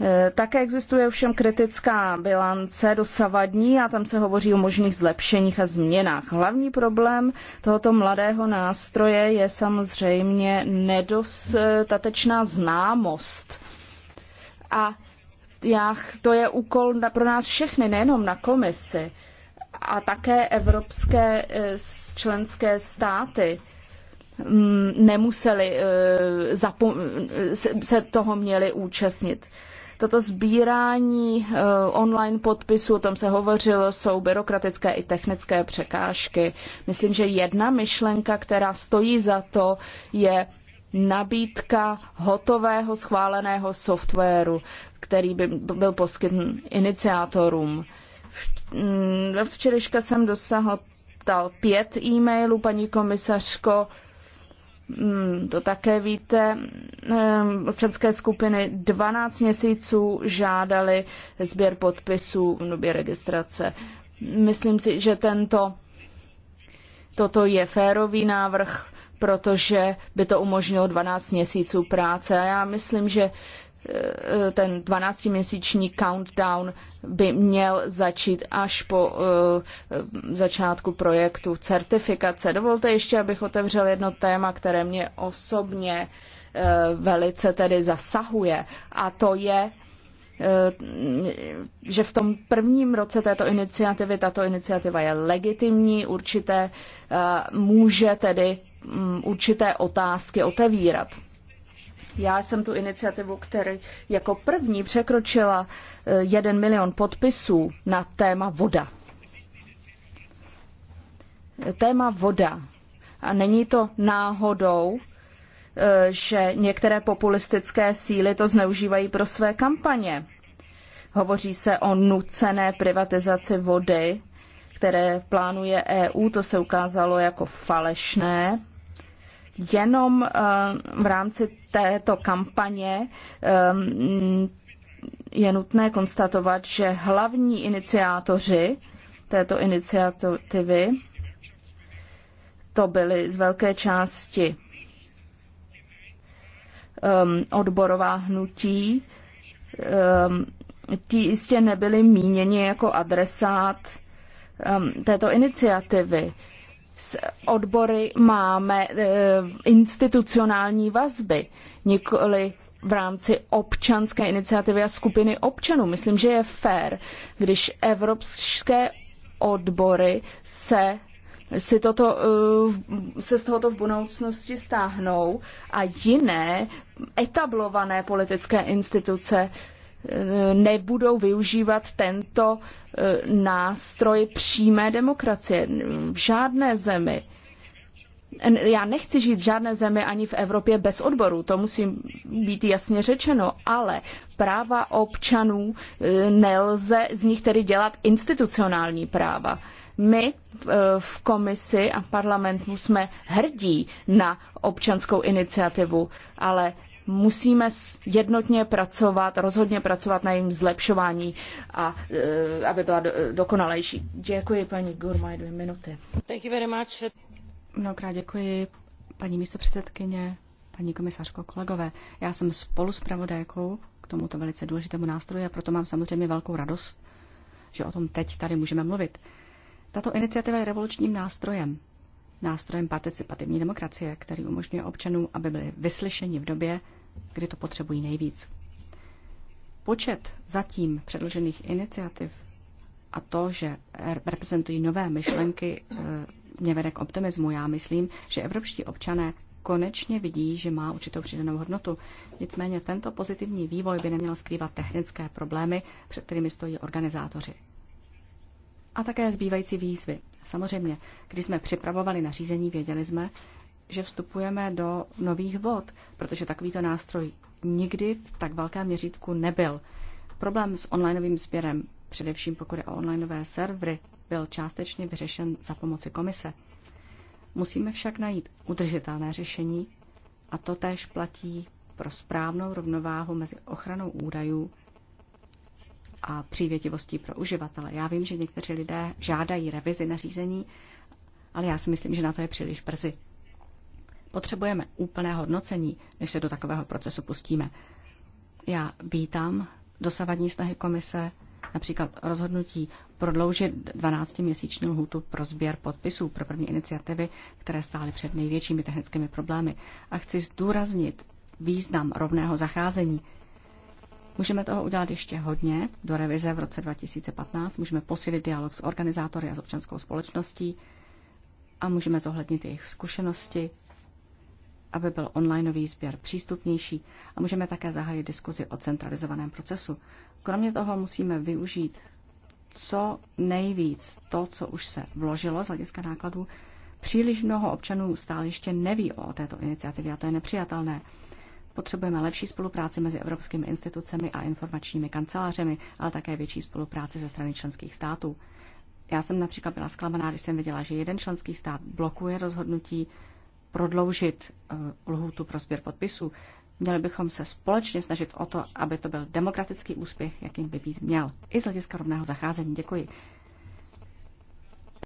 Eh, také existuje ovšem kritická bilance dosavadní a tam se hovoří o možných zlepšeních a změnách. Hlavní problém tohoto mladého nástroje je samozřejmě nedostatečná známost. A já, to je úkol pro nás všechny, nejenom na komisi, a také evropské eh, členské státy mm, nemuseli eh, se toho měli účastnit Toto sbírání eh, online podpisů, o tom se hovořilo, jsou byrokratické i technické překážky. Myslím, že jedna myšlenka, která stojí za to, je nabídka hotového schváleného softwaru, který by byl poskytn iniciátorům. Mm, včerejška jsem dosáhl dal pět e-mailů, paní komisařko, Mm, to také víte, ehm, občanské skupiny 12 měsíců žádali sběr podpisů v době registrace. Myslím si, že tento, toto je férový návrh, protože by to umožnilo 12 měsíců práce. A já myslím, že Eh, ten 12-měsíční countdown by měl začít až po eh, začátku projektu certifikace. Dovolte ještě, abych otevřel jedno téma, které mě osobně eh, velice tedy zasahuje a to je že v tom prvním roce této iniciativy, tato iniciativa je legitimní, určité může tedy mm, určité otázky otevírat. Já jsem tu iniciativu, která jako první překročila 1 eh, milion podpisů na téma voda. Téma voda. A není to náhodou, eh, že některé populistické síly to zneužívají pro své kampaně. Hovoří se o nucené privatizaci vody, které plánuje EU, to se ukázalo jako falešné, jenom eh, v rámci této kampaně eh, je nutné konstatovat, že hlavní iniciátoři této iniciativy to byly z velké části ehm, odborová hnutí, ehm, ti jistě nebyli míněni jako adresát um, této iniciativy s odbory máme e, institucionální vazby, nikoli v rámci občanské iniciativy a skupiny občanů. Myslím, že je fér, když evropské odbory se si toto, e, se z tohoto v budoucnosti stáhnou a jiné etablované politické instituce nebudou využívat tento eh, nástroj přímé demokracie v žádné zemi. Já nechci žít v žádné zemi ani v Evropě bez odborů, to musí být jasně řečeno, ale práva občanů eh, nelze z nich tedy dělat institucionální práva my eh, v komisi a parlamentu jsme hrdí na občanskou iniciativu, ale musíme jednotně pracovat, rozhodně pracovat na jejím zlepšování, a, e, aby byla do, dokonalejší. Děkuji, paní Gurmaj, dvě minuty. Thank you very much. Mnohokrát děkuji, paní místopředsedkyně, paní komisařko, kolegové. Já jsem spolu s pravodajkou k tomuto velice důležitému nástroji a proto mám samozřejmě velkou radost, že o tom teď tady můžeme mluvit. Tato iniciativa je revolučním nástrojem, nástrojem participativní demokracie, který umožňuje občanům, aby byli vyslyšeni v době, kdy to potřebují nejvíc. Počet zatím předložených iniciativ a to, že reprezentují nové myšlenky, eh, mě vede k optimismu. Já myslím, že evropští občané konečně vidí, že má určitou přidanou hodnotu. Nicméně tento pozitivní vývoj by neměl skrývat technické problémy, před kterými stojí organizátoři. A také zbývající výzvy. Samozřejmě, když jsme připravovali nařízení, věděli jsme, že vstupujeme do nových vod, protože takovýto nástroj nikdy v tak velkém měřítku nebyl. Problém s onlineovým sběrem, především pokud je o onlineové servery, byl částečně vyřešen za pomoci komise. Musíme však najít udržitelné řešení a to též platí pro správnou rovnováhu mezi ochranou údajů a přívětivostí pro uživatele. Já vím, že někteří lidé žádají revizi nařízení, ale já si myslím, že na to je příliš brzy. Potřebujeme úplné hodnocení, než se do takového procesu pustíme. Já vítám dosavadní snahy komise, například rozhodnutí prodloužit 12-měsíční lhůtu pro sběr podpisů pro první iniciativy, které stály před největšími technickými problémy. A chci zdůraznit význam rovného zacházení. Můžeme toho udělat ještě hodně do revize v roce 2015, můžeme posílit dialog s organizátory a s občanskou společností a můžeme zohlednit jejich zkušenosti aby byl onlineový sběr přístupnější a můžeme také zahájit diskuzi o centralizovaném procesu. Kromě toho musíme využít co nejvíc to, co už se vložilo z hlediska nákladů. Příliš mnoho občanů stále ještě neví o této iniciativě a to je nepřijatelné. Potřebujeme lepší spolupráci mezi evropskými institucemi a informačními kancelářemi, ale také větší spolupráci ze strany členských států. Já jsem například byla zklamaná, když jsem viděla, že jeden členský stát blokuje rozhodnutí prodloužit eh, lhůtu pro sběr podpisů, měli bychom se společně snažit o to, aby to byl demokratický úspěch, jakým by být měl. I z hlediska rovného zacházení. Děkuji.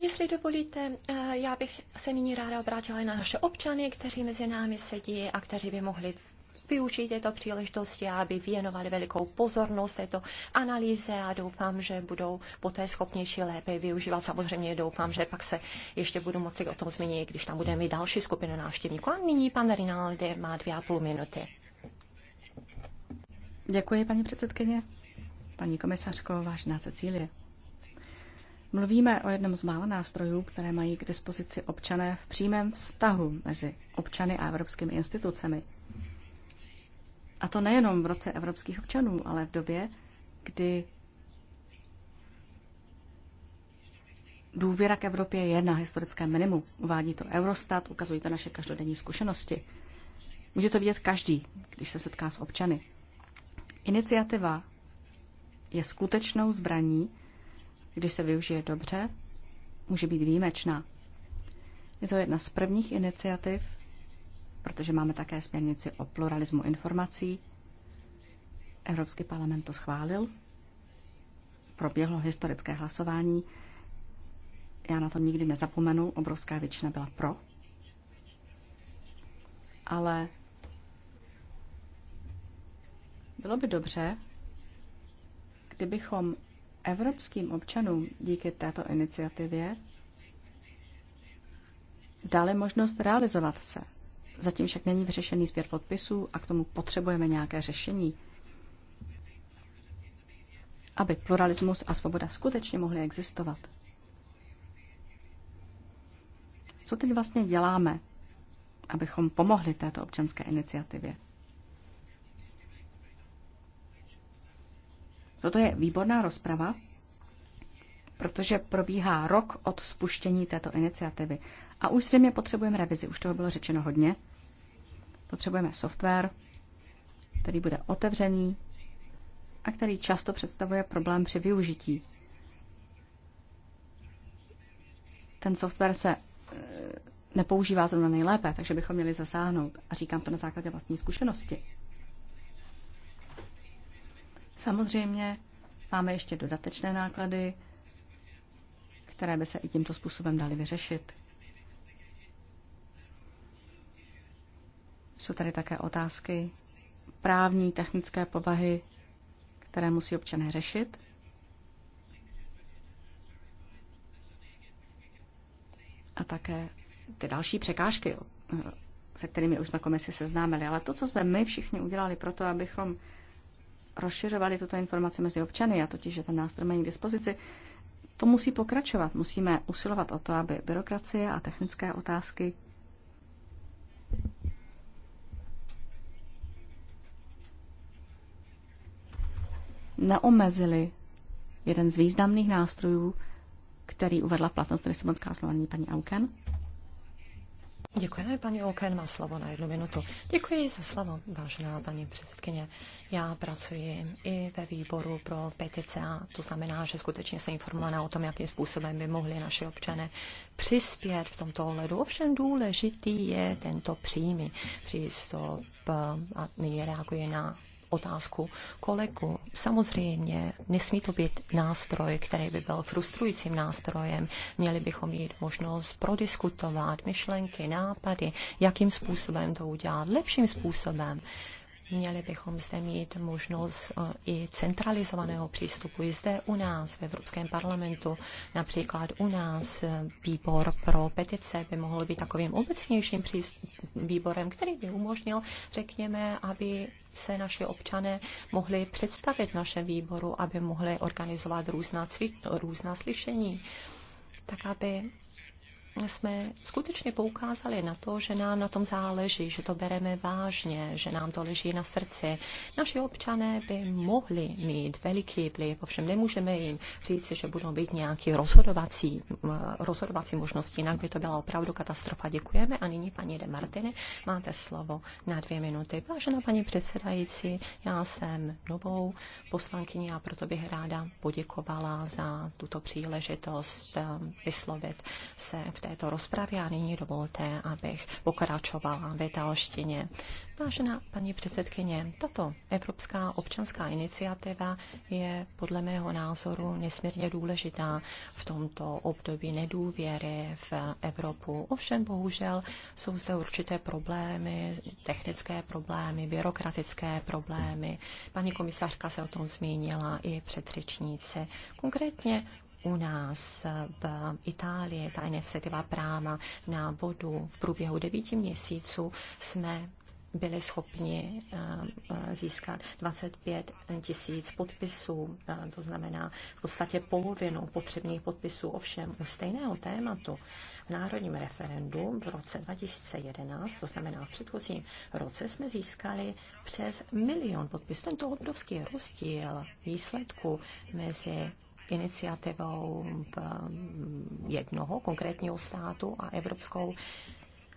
Jestli dovolíte, eh, já bych se nyní ráda obrátila na naše občany, kteří mezi námi sedí a kteří by mohli využít této příležitosti, aby věnovali velikou pozornost této analýze a doufám, že budou poté schopnější lépe využívat. Samozřejmě doufám, že pak se ještě budu moci o tom zmínit, když tam budeme mít další skupinu návštěvníků. A nyní pan Rinaldi má dvě a půl minuty. Děkuji, paní předsedkyně. Paní komisařko, vážná Cecílie. Mluvíme o jednom z mála nástrojů, které mají k dispozici občané v přímém vztahu mezi občany a evropskými institucemi. A to nejenom v roce evropských občanů, ale v době, kdy důvěra k Evropě je na historické minimu. Uvádí to Eurostat, ukazují to naše každodenní zkušenosti. Může to vidět každý, když se setká s občany. Iniciativa je skutečnou zbraní, když se využije dobře, může být výjimečná. Je to jedna z prvních iniciativ, protože máme také směrnici o pluralismu informací. Evropský parlament to schválil, proběhlo historické hlasování. Já na to nikdy nezapomenu, obrovská většina byla pro. Ale bylo by dobře, kdybychom evropským občanům díky této iniciativě dali možnost realizovat se, Zatím však není vyřešený sběr podpisů a k tomu potřebujeme nějaké řešení. Aby pluralismus a svoboda skutečně mohly existovat. Co teď vlastně děláme, abychom pomohli této občanské iniciativě? Toto je výborná rozprava, protože probíhá rok od spuštění této iniciativy. A už zřejmě potřebujeme revizi, už toho bylo řečeno hodně. Potřebujeme software, který bude otevřený a který často představuje problém při využití. Ten software se eh, nepoužívá zrovna nejlépe, takže bychom měli zasáhnout. A říkám to na základě vlastní zkušenosti. Samozřejmě máme ještě dodatečné náklady, které by se i tímto způsobem daly vyřešit. Jsou tady také otázky právní, technické povahy, které musí občané řešit. A také ty další překážky, se kterými už na komisi seznámili. Ale to, co jsme my všichni udělali pro to, abychom rozšiřovali tuto informaci mezi občany, a totiž, že ten nástroj není k dispozici, to musí pokračovat. Musíme usilovat o to, aby byrokracie a technické otázky neomezili jeden z významných nástrojů, který uvedla v platnost Lisabonská slovaní paní Auken. Děkujeme, paní Oken má slovo na jednu minutu. Děkuji za slovo, vážená paní předsedkyně. Já pracuji i ve výboru pro petice a to znamená, že skutečně jsem informovaná o tom, jakým způsobem by mohli naši občané přispět v tomto ohledu. Ovšem důležitý je tento přímý přístup a nyní reaguje na otázku kolegu. Samozřejmě nesmí to být nástroj, který by byl frustrujícím nástrojem. Měli bychom mít možnost prodiskutovat myšlenky, nápady, jakým způsobem to udělat, lepším způsobem. Měli bychom zde mít možnost e, i centralizovaného přístupu i zde u nás v Evropském parlamentu. Například u nás e, výbor pro petice by mohl být takovým obecnějším výborem, který by umožnil, řekněme, aby se naši občané mohli představit v našem výboru, aby mohli organizovat různá, cvi- různá slyšení, tak aby jsme skutečně poukázali na to, že nám na tom záleží, že to bereme vážně, že nám to leží na srdci. Naši občané by mohli mít veliký vliv, ovšem nemůžeme jim říct, že budou být nějaké rozhodovací, rozhodovací možnosti, jinak by to byla opravdu katastrofa. Děkujeme a nyní paní De Martine, máte slovo na dvě minuty. Vážená paní předsedající, já jsem novou poslankyní a proto bych ráda poděkovala za tuto příležitost um, vyslovit se této rozpravě a nyní dovolte, abych pokračovala ve dalštině. Vážená paní předsedkyně, tato Evropská občanská iniciativa je podle mého názoru nesmírně důležitá v tomto období nedůvěry v Evropu. Ovšem bohužel jsou zde určité problémy, technické problémy, byrokratické problémy. Paní komisařka se o tom zmínila i předřečníci. Konkrétně u nás v Itálii, ta iniciativa práva na vodu. V průběhu devíti měsíců jsme byli schopni eh, získat 25 tisíc podpisů, eh, to znamená v podstatě polovinu potřebných podpisů, ovšem u stejného tématu v národním referendu v roce 2011, to znamená v předchozím roce, jsme získali přes milion podpisů. Tento obrovský rozdíl výsledku mezi iniciativou eh, jednoho konkrétního státu a Evropskou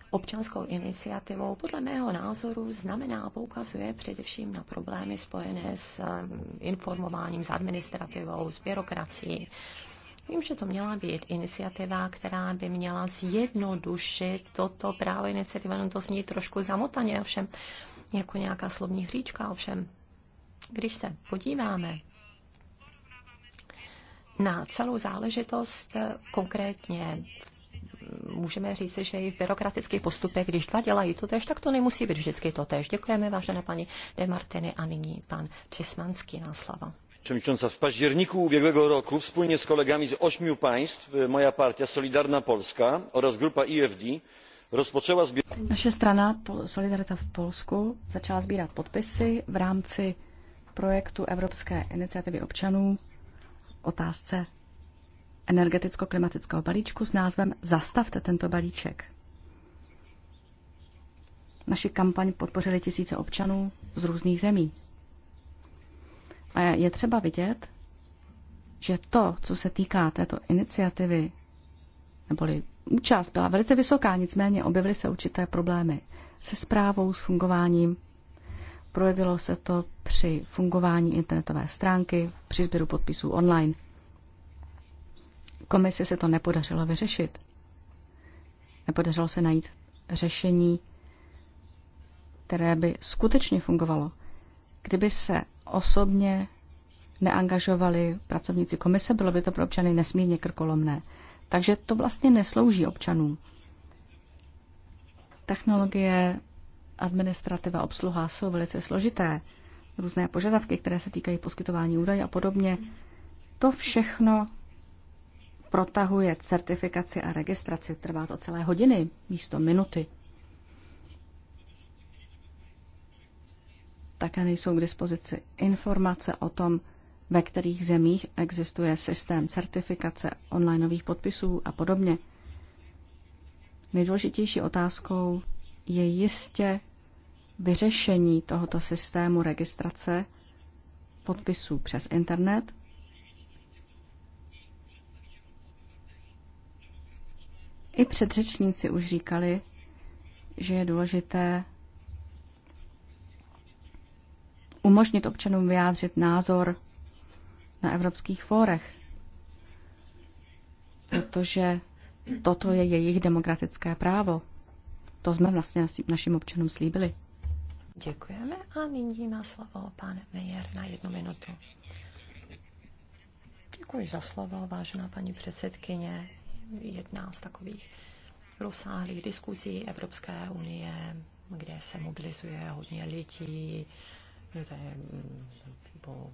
občanskou iniciativou podle mého názoru znamená a poukazuje především na problémy spojené s eh, informováním, s administrativou, s byrokracií. Vím, že to měla být iniciativa, která by měla zjednodušit toto právo iniciativa, no to zní trošku zamotaně, ovšem jako nějaká slovní hříčka, ovšem když se podíváme na celou záležitost konkrétně můžeme říct, že i v byrokratických postupech, když dva dělají to tež, tak to nemusí být vždycky to tež. Děkujeme, vážené paní De Martiny, a nyní pan na náslava. Przewodnicząca, w październiku ubiegłego roku wspólnie z kolegami z ośmiu państw moja partia Solidarna Polska oraz grupa IFD e rozpoczęła zbierać... Naše strana Solidarita w Polsku začala zbierać podpisy v rámci projektu Evropské iniciativy občanů otázce energeticko-klimatického balíčku s názvem Zastavte tento balíček. Naši kampaň podpořili tisíce občanů z různých zemí. A je třeba vidět, že to, co se týká této iniciativy, neboli účast byla velice vysoká, nicméně objevily se určité problémy se zprávou, s fungováním Projevilo se to při fungování internetové stránky, při sběru podpisů online. Komisi se to nepodařilo vyřešit. Nepodařilo se najít řešení, které by skutečně fungovalo. Kdyby se osobně neangažovali pracovníci komise, bylo by to pro občany nesmírně krkolomné. Takže to vlastně neslouží občanům. Technologie administrativa, obsluha jsou velice složité, různé požadavky, které se týkají poskytování údajů a podobně. To všechno protahuje certifikaci a registraci. Trvá to celé hodiny místo minuty. Také nejsou k dispozici informace o tom, ve kterých zemích existuje systém certifikace onlineových podpisů a podobně. Nejdůležitější otázkou je jistě vyřešení tohoto systému registrace podpisů přes internet. I předřečníci už říkali, že je důležité umožnit občanům vyjádřit názor na evropských fórech, protože toto je jejich demokratické právo. To jsme vlastně našim občanům slíbili. Děkujeme a nyní má slovo pan Mejer na jednu minutu. Děkuji za slovo, vážená paní předsedkyně. Jedná z takových rozsáhlých diskuzí Evropské unie, kde se mobilizuje hodně lidí, kde mm, nebo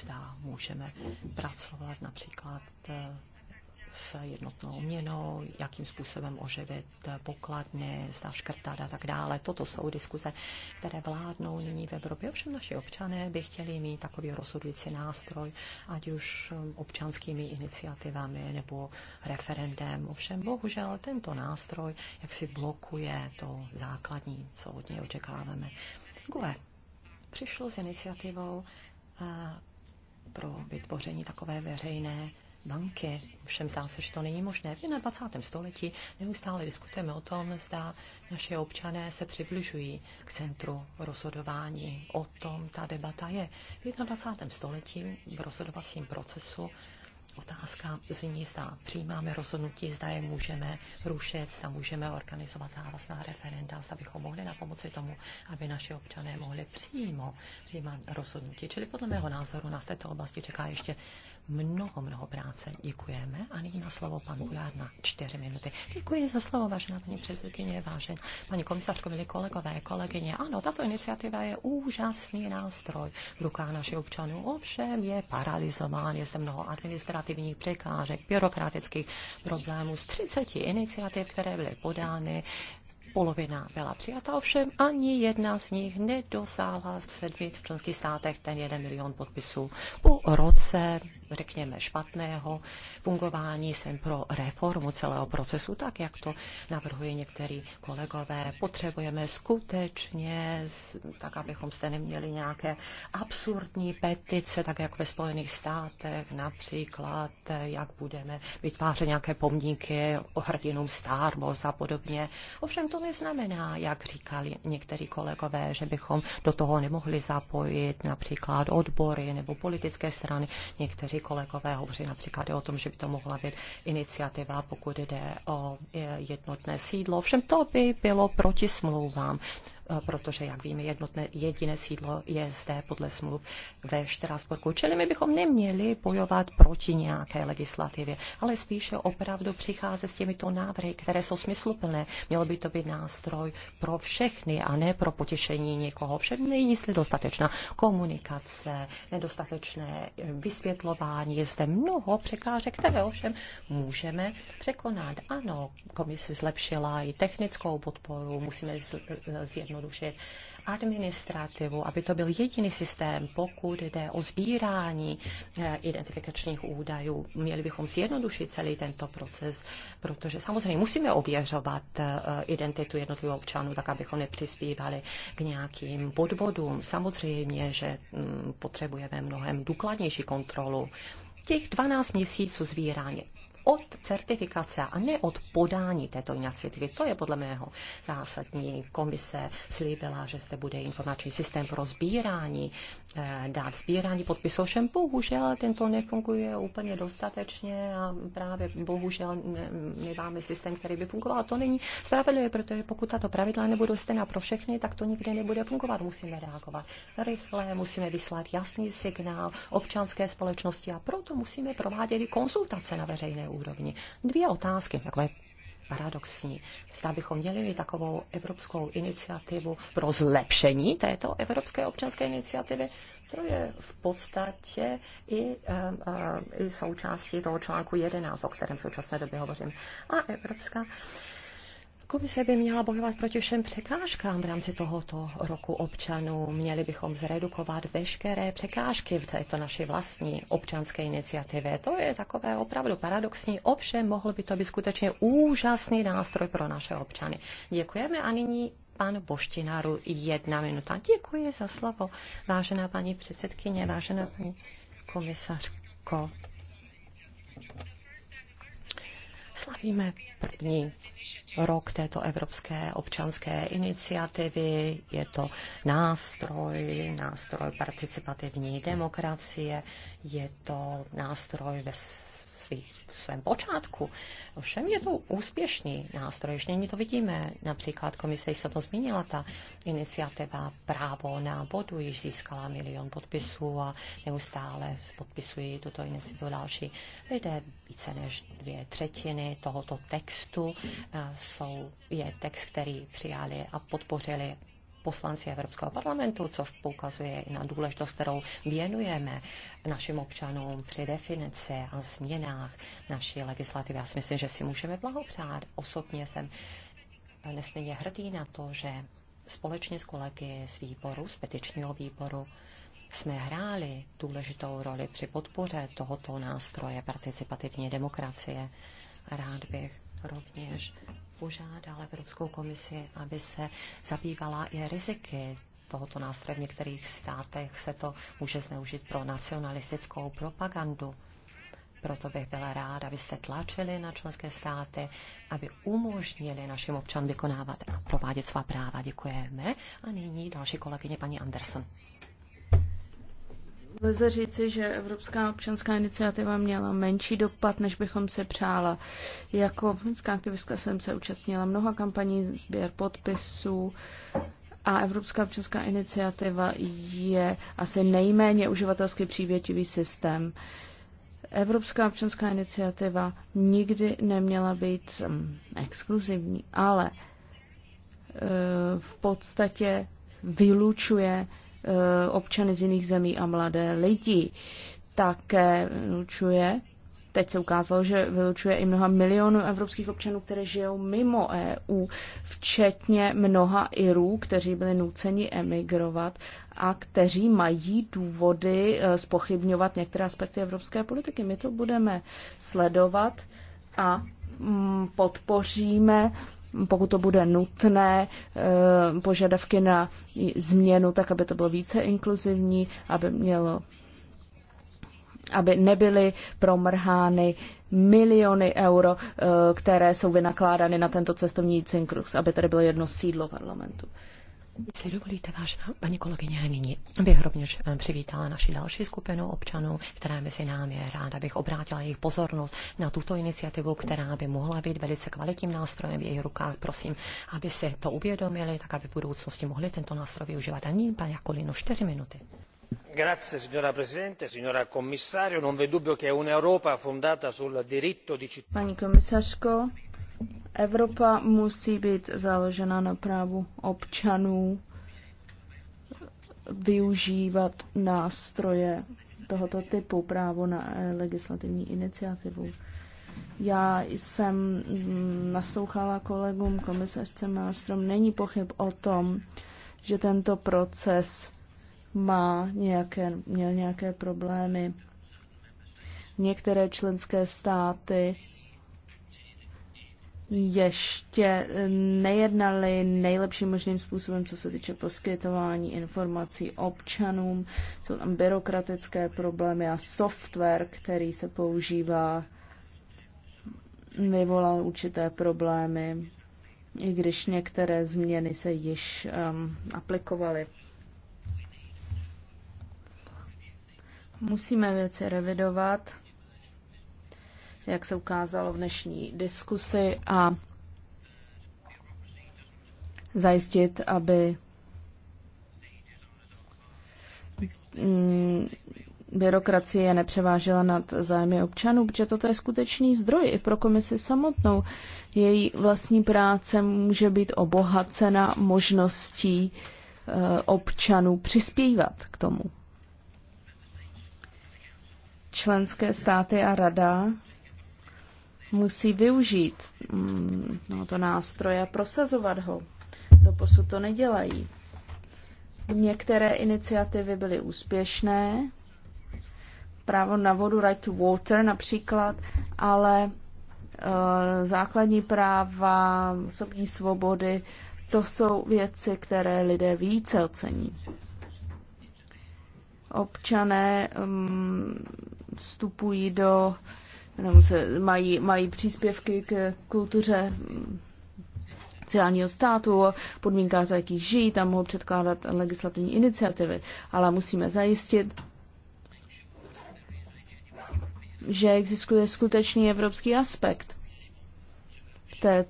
zda můžeme pracovat například eh, s jednotnou měnou, jakým způsobem oživit pokladny, zda škrtat a tak dále. Toto jsou diskuze, které vládnou nyní v Evropě. Ovšem naši občané by chtěli mít takový rozhodující nástroj, ať už občanskými iniciativami nebo referendem. Ovšem bohužel tento nástroj jak si blokuje to základní, co od něj očekáváme. GUE přišlo s iniciativou eh, pro vytvoření takové veřejné banky. Všem zdá se, že to není možné. V 21. století neustále diskutujeme o tom, zda naše občané se přibližují k centru rozhodování. O tom ta debata je. V 21. století v rozhodovacím procesu Otázka zní, zda přijímáme rozhodnutí, zda je můžeme rušit, zda můžeme organizovat závazná referenda, zda bychom mohli na pomoci tomu, aby naše občané mohli přímo přijímat rozhodnutí. Čili podle mého názoru nás této oblasti čeká ještě mnoho, mnoho práce. Děkujeme. A nyní na slovo pan Bujár na čtyři minuty. Děkuji za slovo, vážená paní předsedkyně, vážená paní komisařko, milí kolegové, kolegyně. Ano, tato iniciativa je úžasný nástroj v rukách našich občanů. Ovšem je paralizován, je zde mnoho administrativních překážek, byrokratických problémů. Z 30 iniciativ, které byly podány, Polovina byla přijata, ovšem ani jedna z nich nedosáhla v sedmi členských státech ten jeden milion podpisů. Po roce řekněme, špatného fungování, jsem pro reformu celého procesu, tak jak to navrhuje některý kolegové. Potřebujeme skutečně, tak abychom zde neměli nějaké absurdní petice, tak jak ve Spojených státech například, jak budeme vytvářet nějaké pomníky o hrdinům Starbucks a podobně. Ovšem to neznamená, jak říkali někteří kolegové, že bychom do toho nemohli zapojit například odbory nebo politické strany. Někteří Někteří kolegové hovoří například o tom, že by to mohla být iniciativa, pokud jde o jednotné sídlo. Všem to by bylo proti smlouvám protože, jak víme, jednotné, jediné sídlo je zde podle smluv ve Štrásburku. Čili my bychom neměli bojovat proti nějaké legislativě, ale spíše opravdu přicházet s těmito návrhy, které jsou smysluplné. Mělo by to být nástroj pro všechny a ne pro potěšení někoho. Všem není dostatečná komunikace, nedostatečné eh, vysvětlování. Je zde mnoho překážek, které ovšem můžeme překonat. Ano, komise zlepšila i technickou podporu, musíme eh, zjednotit zjednodušit administrativu, aby to byl jediný systém, pokud jde o sbírání eh, identifikačních údajů. Měli bychom zjednodušit celý tento proces, protože samozřejmě musíme ověřovat eh, identitu jednotlivých občanů, tak abychom nepřispívali k nějakým podvodům. Samozřejmě, že mm, potřebujeme mnohem důkladnější kontrolu těch 12 měsíců zvírání od certifikace a ne od podání této iniciativy. To je podle mého zásadní. Komise slíbila, že zde bude informační systém pro sbírání, eh, dát sbírání podpisů. Všem bohužel tento nefunguje úplně dostatečně a právě bohužel nemáme systém, který by fungoval. To není spravedlivé, protože pokud tato pravidla nebudou stejná pro všechny, tak to nikdy nebude fungovat. Musíme reagovat rychle, musíme vyslat jasný signál občanské společnosti a proto musíme provádět i konsultace na veřejné úrovni úrovni. Dvě otázky, takové paradoxní. Zda bychom měli takovou evropskou iniciativu pro zlepšení této evropské občanské iniciativy, to je v podstatě i, um, um, i součástí toho článku 11, o kterém v současné době hovořím. A Evropská Komise by měla bojovat proti všem překážkám v rámci tohoto roku občanů. Měli bychom zredukovat veškeré překážky v této naší vlastní občanské iniciativě. To je takové opravdu paradoxní, ovšem mohl by to být skutečně úžasný nástroj pro naše občany. Děkujeme a nyní pan Boštináru jedna minuta. Děkuji za slovo, vážená paní předsedkyně, vážená paní komisařko. Slavíme první rok této evropské občanské iniciativy. Je to nástroj, nástroj participativní demokracie, je to nástroj ve svých, v svém počátku. Ovšem je to úspěšný nástroj, ještě nyní to vidíme. Například komise se to zmínila, ta iniciativa Právo na bodu, již získala milion podpisů a neustále podpisují tuto iniciativu další lidé. Více než dvě třetiny tohoto textu eh, jsou, je text, který přijali a podpořili poslanci Evropského parlamentu, což poukazuje i na důležitost, kterou věnujeme našim občanům při definici a změnách naší legislativy. Já si myslím, že si můžeme blahopřát. Osobně jsem nesmírně hrdý na to, že společně s kolegy z výboru, z petičního výboru, jsme hráli důležitou roli při podpoře tohoto nástroje participativní demokracie. Rád bych rovněž požádal Evropskou komisi, aby se zabývala i riziky tohoto nástroje. V některých státech se to může zneužít pro nacionalistickou propagandu. Proto bych byla ráda, abyste tlačili na členské státy, aby umožnili našim občanům vykonávat a provádět svá práva. Děkujeme. A nyní další kolegyně paní Anderson. Lze říci, že Evropská občanská iniciativa měla menší dopad, než bychom se přála. Jako finská aktivistka jsem se účastnila mnoha kampaní, sběr podpisů a Evropská občanská iniciativa je asi nejméně uživatelsky přívětivý systém. Evropská občanská iniciativa nikdy neměla být um, exkluzivní, ale uh, v podstatě vylučuje uh, Eh, občany z jiných zemí a mladé lidi. Také vylučuje, teď se ukázalo, že vylučuje i mnoha milionů evropských občanů, které žijou mimo EU, včetně mnoha Irů, kteří byli nuceni emigrovat a kteří mají důvody eh, spochybňovat některé aspekty evropské politiky. My to budeme sledovat a mm, podpoříme pokud to bude nutné, eh, požadavky na změnu, tak aby to bylo více inkluzivní, aby mělo aby nebyly promrhány miliony euro, eh, které jsou vynakládány na tento cestovní cinkrux, aby tady bylo jedno sídlo parlamentu. Jestli dovolíte, vážená paní kolegyně, nyní bych rovněž eh, přivítala naši další skupinu občanů, která mezi námi je ráda, bych obrátila jejich pozornost na tuto iniciativu, která by mohla být velice kvalitním nástrojem v jejich rukách. Prosím, aby si to uvědomili, tak aby v budoucnosti mohli tento nástroj využívat. Ani nyní, pan Jakolino, čtyři minuty. Grazie signora Presidente, signora Commissario. Non v'è dubbio che un'Europa fondata sul diritto di cittadini. Pani komisařko, Evropa musí být založena na právu občanů využívat nástroje tohoto typu, právo na eh, legislativní iniciativu. Já jsem mm, naslouchala kolegům komisařce Malstrom. Není pochyb o tom, že tento proces má nějaké, měl nějaké problémy. Některé členské státy ještě nejednali nejlepším možným způsobem, co se týče poskytování informací občanům. Jsou tam byrokratické problémy a software, který se používá, vyvolal určité problémy, i když některé změny se již um, aplikovaly. Musíme věci revidovat jak se ukázalo v dnešní diskusi, a zajistit, aby mm, byrokracie nepřevážela nad zájmy občanů, protože toto je skutečný zdroj i pro komisi samotnou. Její vlastní práce může být obohacena možností eh, občanů přispívat k tomu. Členské státy a rada musí využít mm, no, to nástroje a prosazovat ho. Doposud to nedělají. Některé iniciativy byly úspěšné, právo na vodu, right to water například, ale e, základní práva, osobní svobody, to jsou věci, které lidé více ocení. Občané um, vstupují do uh, jenom se mají, mají příspěvky k kultuře sociálního státu, podmínká za jakých žijí, tam mohou předkládat legislativní iniciativy. Ale musíme zajistit, že existuje skutečný evropský aspekt, té,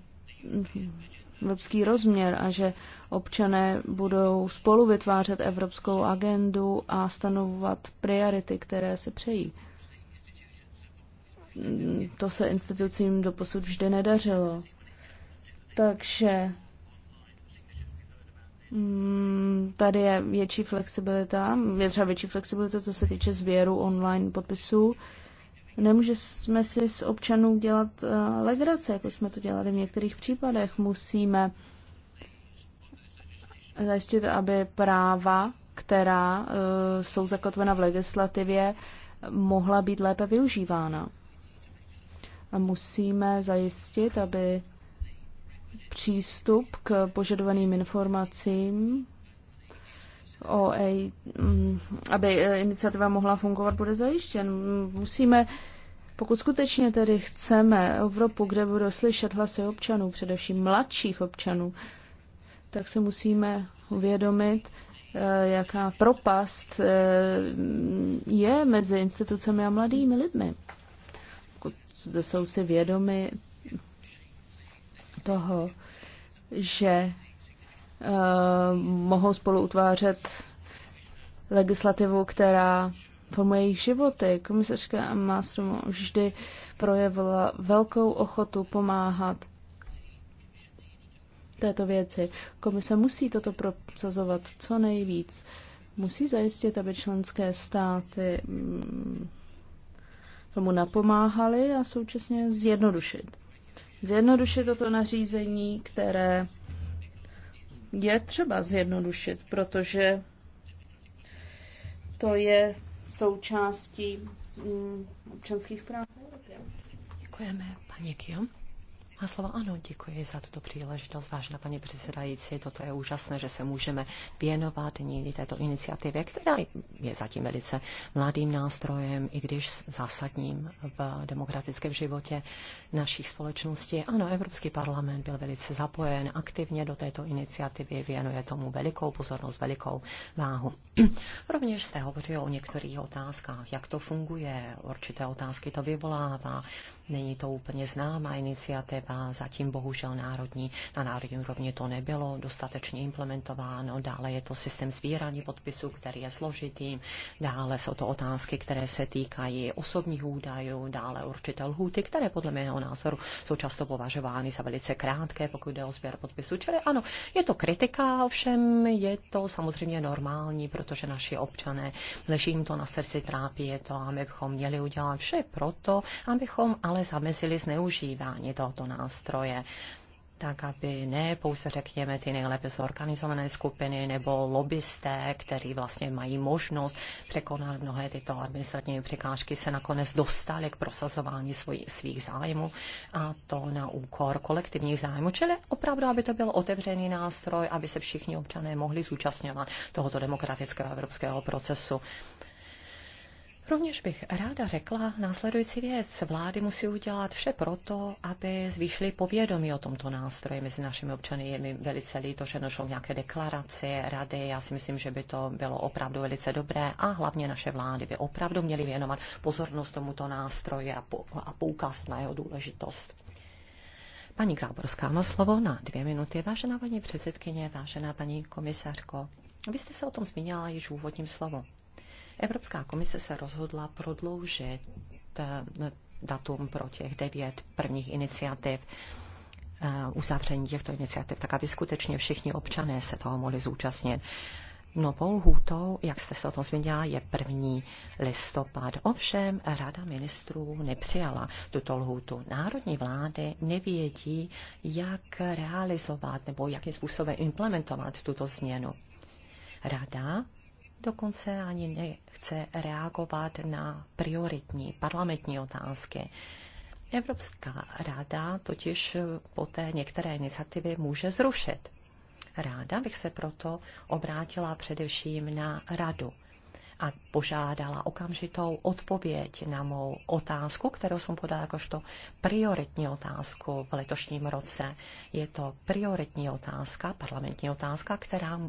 evropský rozměr a že občané budou spolu vytvářet evropskou agendu a stanovovat priority, které se přejí to se institucím doposud vždy nedařilo. Takže mm, tady je větší flexibilita, je třeba větší flexibilita, co se týče sběru online podpisů. Nemůžeme si s občanů dělat uh, legrace, jako jsme to dělali v některých případech. Musíme zajistit, aby práva, která uh, jsou zakotvena v legislativě, mohla být lépe využívána a musíme zajistit, aby přístup k požadovaným informacím o EI, mm, aby e, iniciativa mohla fungovat, bude zajištěn. Musíme, pokud skutečně tedy chceme Evropu, kde budou slyšet hlasy občanů, především mladších občanů, tak se musíme uvědomit, e, jaká propast e, je mezi institucemi a mladými lidmi jsou si vědomi toho, že uh, mohou spolu utvářet legislativu, která formuje jejich životy. Komisařka Mastrom vždy projevila velkou ochotu pomáhat této věci. Komise musí toto prosazovat co nejvíc. Musí zajistit, aby členské státy mm, tomu napomáhali a současně zjednodušit. Zjednodušit toto nařízení, které je třeba zjednodušit, protože to je součástí mm, občanských práv. Děkujeme, paní Kio má slovo. Ano, děkuji za tuto příležitost, vážená paní předsedající. Toto je úžasné, že se můžeme věnovat nyní této iniciativě, která je zatím velice mladým nástrojem, i když zásadním v demokratickém životě našich společností. Ano, Evropský parlament byl velice zapojen aktivně do této iniciativy, věnuje tomu velikou pozornost, velikou váhu. Rovněž jste hovořil o některých otázkách, jak to funguje, určité otázky to vyvolává. Není to úplně známá iniciativa, zatím bohužel národní, na národní úrovni to nebylo dostatečně implementováno. Dále je to systém sbírání podpisů, který je složitý. Dále jsou to otázky, které se týkají osobních údajů, dále určité lhůty, které podle mého našeho názoru jsou často považovány za velice krátké, pokud jde o sběr podpisů. Čili ano, je to kritika, ovšem je to samozřejmě normální, protože naši občané, leží jim to na srdci, trápí je to a my bychom měli udělat vše proto, abychom ale zamezili zneužívání tohoto nástroje tak aby ne pouze řekněme ty nejlépe zorganizované skupiny nebo lobbysté, kteří vlastně mají možnost překonat mnohé tyto administrativní překážky, se nakonec dostali k prosazování svojí, svých zájmů a to na úkor kolektivních zájmů. Čili opravdu, aby to byl otevřený nástroj, aby se všichni občané mohli zúčastňovat tohoto demokratického evropského procesu. Rovněž bych ráda řekla následující věc. Vlády musí udělat vše proto, aby zvýšily povědomí o tomto nástroji mezi našimi občany. Je mi velice líto, že došlo nějaké deklaraci, rady. Já si myslím, že by to bylo opravdu velice dobré a hlavně naše vlády by opravdu měly věnovat pozornost tomuto nástroji a, po, a poukázat na jeho důležitost. Paní Záborská, má slovo na dvě minuty. Vážená paní předsedkyně, vážená paní komisařko, vy jste se o tom zmínila již v úvodním slovu. Evropská komise se rozhodla prodloužit eh, datum pro těch devět prvních iniciativ eh, uzavření těchto iniciativ, tak aby skutečně všichni občané se toho mohli zúčastnit. Novou lhůtou, jak jste se o tom zmínila, je první listopad. Ovšem, Rada ministrů nepřijala tuto lhůtu. Národní vlády nevědí, jak realizovat nebo jakým způsobem implementovat tuto změnu. Rada dokonce ani nechce reagovat na prioritní parlamentní otázky. Evropská ráda totiž poté některé iniciativy může zrušit. Ráda bych se proto obrátila především na radu a požádala okamžitou odpověď na mou otázku, kterou jsem podala jakožto prioritní otázku v letošním roce. Je to prioritní otázka, parlamentní otázka, která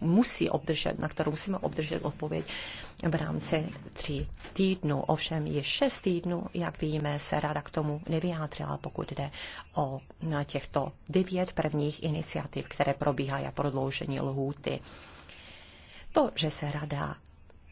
musí obdržet, na kterou musíme obdržet odpověď v rámci tří týdnů. Ovšem je šest týdnů, jak víme, se rada k tomu nevyjádřila, pokud jde o těchto devět prvních iniciativ, které probíhají a prodloužení lhůty. To, že se rada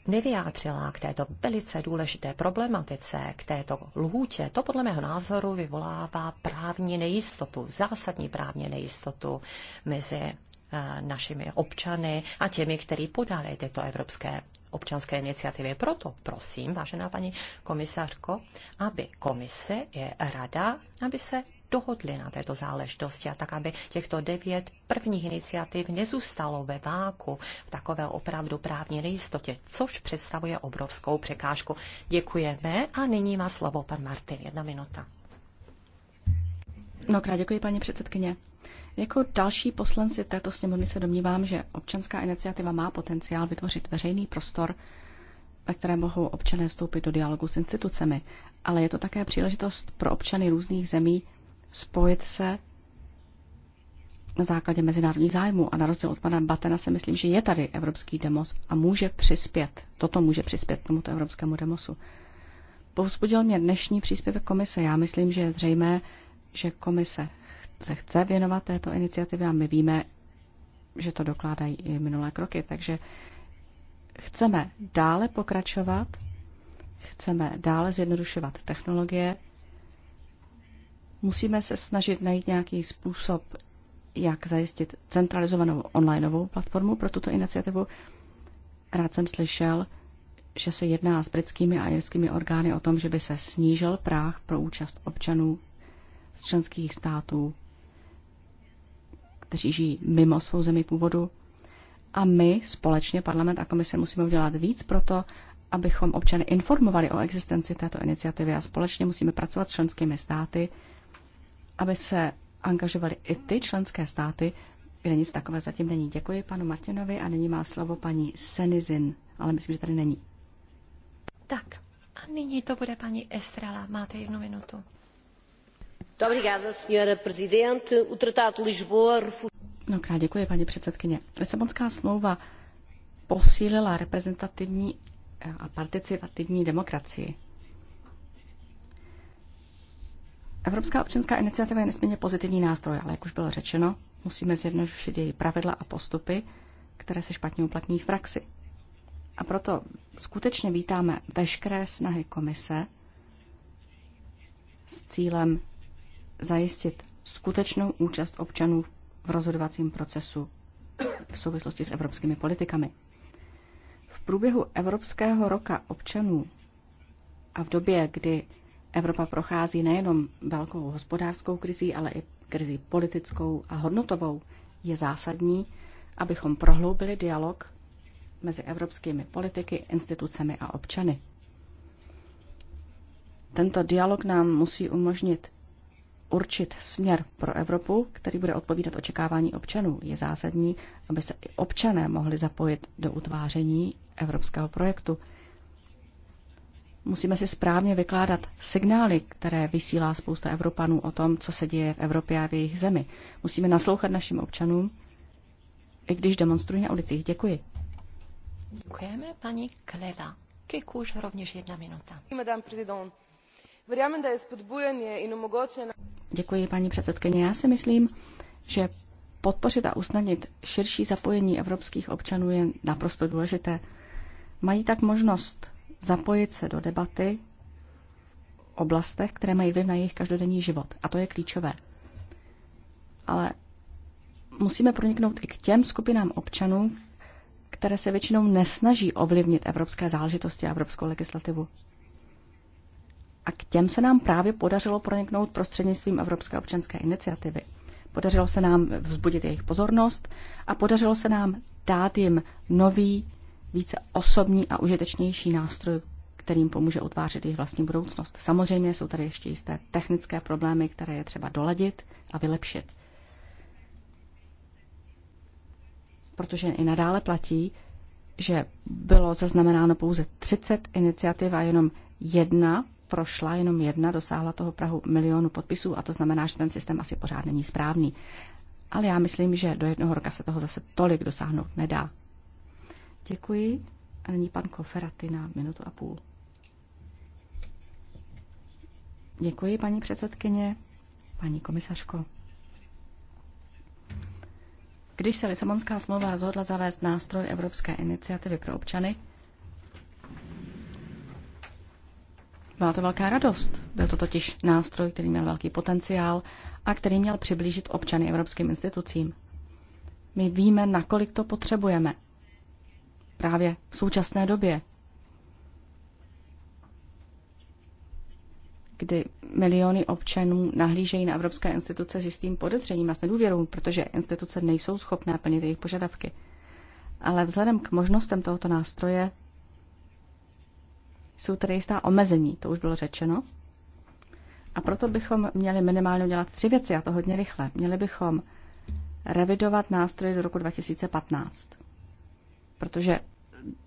nevyjádřila k této velice důležité problematice, k této lhůtě, to podle mého názoru vyvolává právní nejistotu, zásadní právní nejistotu mezi Eh, našimi občany a těmi, kteří podali tyto evropské občanské iniciativy. Proto prosím, vážená paní komisařko, aby komise je rada, aby se dohodli na této záležitosti a tak, aby těchto devět prvních iniciativ nezůstalo ve váku v takové opravdu právní nejistotě, což představuje obrovskou překážku. Děkujeme a nyní má slovo pan Martin. Jedna minuta. Mnohokrát děkuji, paní předsedkyně. Jako další poslanci této sněmovny se domnívám, že občanská iniciativa má potenciál vytvořit veřejný prostor, ve kterém mohou občané vstoupit do dialogu s institucemi, ale je to také příležitost pro občany různých zemí spojit se na základě mezinárodních zájmů a na rozdíl od pana Batena si myslím, že je tady evropský demos a může přispět, toto může přispět k tomuto evropskému demosu. Povzbudil mě dnešní příspěvek komise. Já myslím, že je zřejmé, že komise se chce věnovat této iniciativě a my víme, že to dokládají i minulé kroky. Takže chceme dále pokračovat, chceme dále zjednodušovat technologie, musíme se snažit najít nějaký způsob, jak zajistit centralizovanou onlineovou platformu pro tuto iniciativu. Rád jsem slyšel, že se jedná s britskými a jirskými orgány o tom, že by se snížil práh pro účast občanů z členských států kteří žijí mimo svou zemi původu. A my společně, parlament a komise, musíme udělat víc pro to, abychom občany informovali o existenci této iniciativy a společně musíme pracovat s členskými státy, aby se angažovali i ty členské státy, kde nic takové zatím není. Děkuji panu Martinovi a nyní má slovo paní Senizin, ale myslím, že tady není. Tak a nyní to bude paní Estrela. Máte jednu minutu. Mnohokrát děkuji, paní předsedkyně. Lisabonská smlouva posílila reprezentativní eh, a participativní demokracii. Evropská občanská iniciativa je nesmírně pozitivní nástroj, ale jak už bylo řečeno, musíme zjednodušit její pravidla a postupy, které se špatně uplatní v praxi. A proto skutečně vítáme veškeré snahy komise s cílem zajistit skutečnou účast občanů v rozhodovacím procesu v souvislosti s evropskými politikami. V průběhu Evropského roka občanů a v době, kdy Evropa prochází nejenom velkou hospodářskou krizí, ale i krizi politickou a hodnotovou, je zásadní, abychom prohloubili dialog mezi evropskými politiky, institucemi a občany. Tento dialog nám musí umožnit určit směr pro Evropu, který bude odpovídat očekávání občanů. Je zásadní, aby se i občané mohli zapojit do utváření evropského projektu. Musíme si správně vykládat signály, které vysílá spousta Evropanů o tom, co se děje v Evropě a v jejich zemi. Musíme naslouchat našim občanům, i když demonstrují na ulicích. Děkuji. Děkujeme paní Kleva. Kikuš rovněž jedna minuta. Madame prezident. Verjamem, da je spodbujanje in omogočanje. Děkuji, paní předsedkyně. Já si myslím, že podpořit a usnadnit širší zapojení evropských občanů je naprosto důležité. Mají tak možnost zapojit se do debaty v oblastech, které mají vliv na jejich každodenní život. A to je klíčové. Ale musíme proniknout i k těm skupinám občanů, které se většinou nesnaží ovlivnit evropské záležitosti a evropskou legislativu. A k těm se nám právě podařilo proniknout prostřednictvím Evropské občanské iniciativy. Podařilo se nám vzbudit jejich pozornost a podařilo se nám dát jim nový, více osobní a užitečnější nástroj, kterým pomůže utvářet jejich vlastní budoucnost. Samozřejmě jsou tady ještě jisté technické problémy, které je třeba doladit a vylepšit. Protože i nadále platí, že bylo zaznamenáno pouze 30 iniciativ a jenom jedna prošla jenom jedna, dosáhla toho Prahu milionu podpisů a to znamená, že ten systém asi pořád není správný. Ale já myslím, že do jednoho roka se toho zase tolik dosáhnout nedá. Děkuji. A nyní pan Koferaty na minutu a půl. Děkuji, paní předsedkyně, paní komisařko. Když se Lisabonská smlouva rozhodla zavést nástroj Evropské iniciativy pro občany, Byla to velká radost. Byl to totiž nástroj, který měl velký potenciál a který měl přiblížit občany evropským institucím. My víme, nakolik to potřebujeme. Právě v současné době, kdy miliony občanů nahlížejí na evropské instituce s jistým podezřením a s nedůvěrou, protože instituce nejsou schopné plnit jejich požadavky. Ale vzhledem k možnostem tohoto nástroje jsou tady jistá omezení, to už bylo řečeno. A proto bychom měli minimálně udělat tři věci, a to hodně rychle. Měli bychom revidovat nástroje do roku 2015. Protože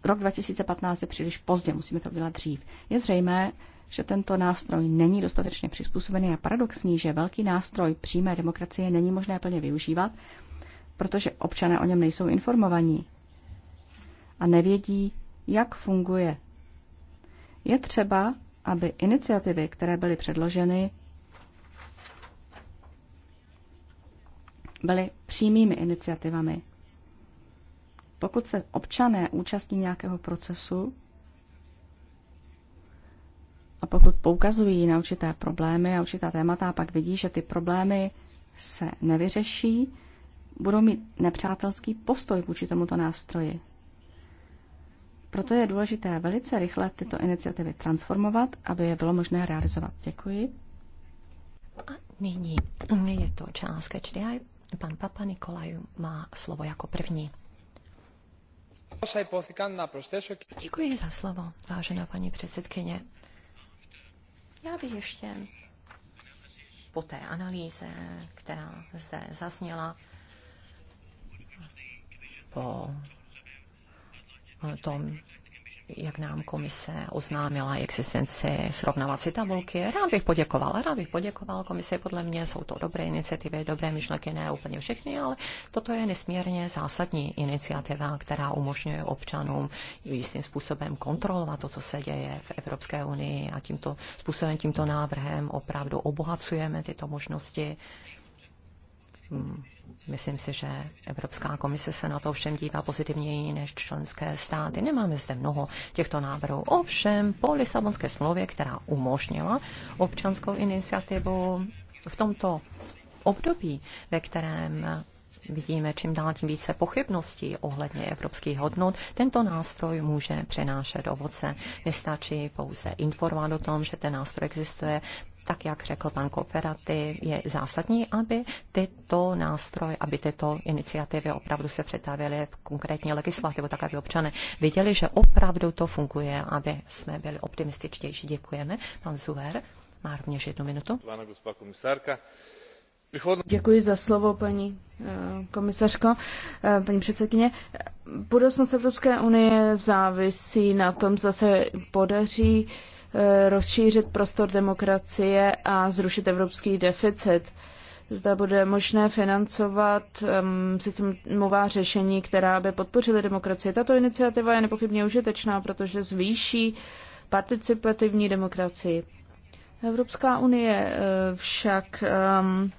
rok 2015 je příliš pozdě, musíme to udělat dřív. Je zřejmé, že tento nástroj není dostatečně přizpůsobený a paradoxní, že velký nástroj přímé demokracie není možné plně využívat, protože občané o něm nejsou informovaní a nevědí, jak funguje je třeba, aby iniciativy, které byly předloženy, byly přímými iniciativami. Pokud se občané účastní nějakého procesu a pokud poukazují na určité problémy a určitá témata a pak vidí, že ty problémy se nevyřeší, budou mít nepřátelský postoj vůči tomuto nástroji. Proto je důležité velice rychle tyto iniciativy transformovat, aby je bylo možné realizovat. Děkuji. A nyní je to čánská čtyři. Pan Papa Nikolaj má slovo jako první. Děkuji za slovo, vážená paní předsedkyně. Já bych ještě po té analýze, která zde zazněla, po tom, jak nám komise oznámila existenci srovnávací tabulky. Rád bych poděkoval, rád bych poděkoval komise. Podle mě jsou to dobré iniciativy, dobré myšlenky, ne úplně všechny, ale toto je nesmírně zásadní iniciativa, která umožňuje občanům jistým způsobem kontrolovat to, co se děje v Evropské unii a tímto způsobem, tímto návrhem opravdu obohacujeme tyto možnosti Hmm, myslím si, že Evropská komise se na to všem dívá pozitivněji než členské státy. Nemáme zde mnoho těchto návrhů. Ovšem, po Lisabonské smlouvě, která umožnila občanskou iniciativu v tomto období, ve kterém vidíme čím dál tím více pochybností ohledně evropských hodnot, tento nástroj může přenášet ovoce. Nestačí pouze informovat o tom, že ten nástroj existuje, tak jak řekl pan Kooperaty, je zásadní, aby tyto nástroje, aby tyto iniciativy opravdu se přetavily v konkrétní legislativu, tak aby občané viděli, že opravdu to funguje, aby jsme byli optimističtější. Děkujeme. Pan Zuver má rovněž jednu minutu. Děkuji za slovo, paní eh, komisařko, eh, paní předsedkyně. Budoucnost Evropské unie závisí na tom, zda se podaří uh, Eh, rozšířit prostor demokracie a zrušit evropský deficit. Zda bude možné financovat um, systémová řešení, která by podpořila demokracii. Tato iniciativa je nepochybně užitečná, protože zvýší participativní demokracii. Evropská unie eh, však um,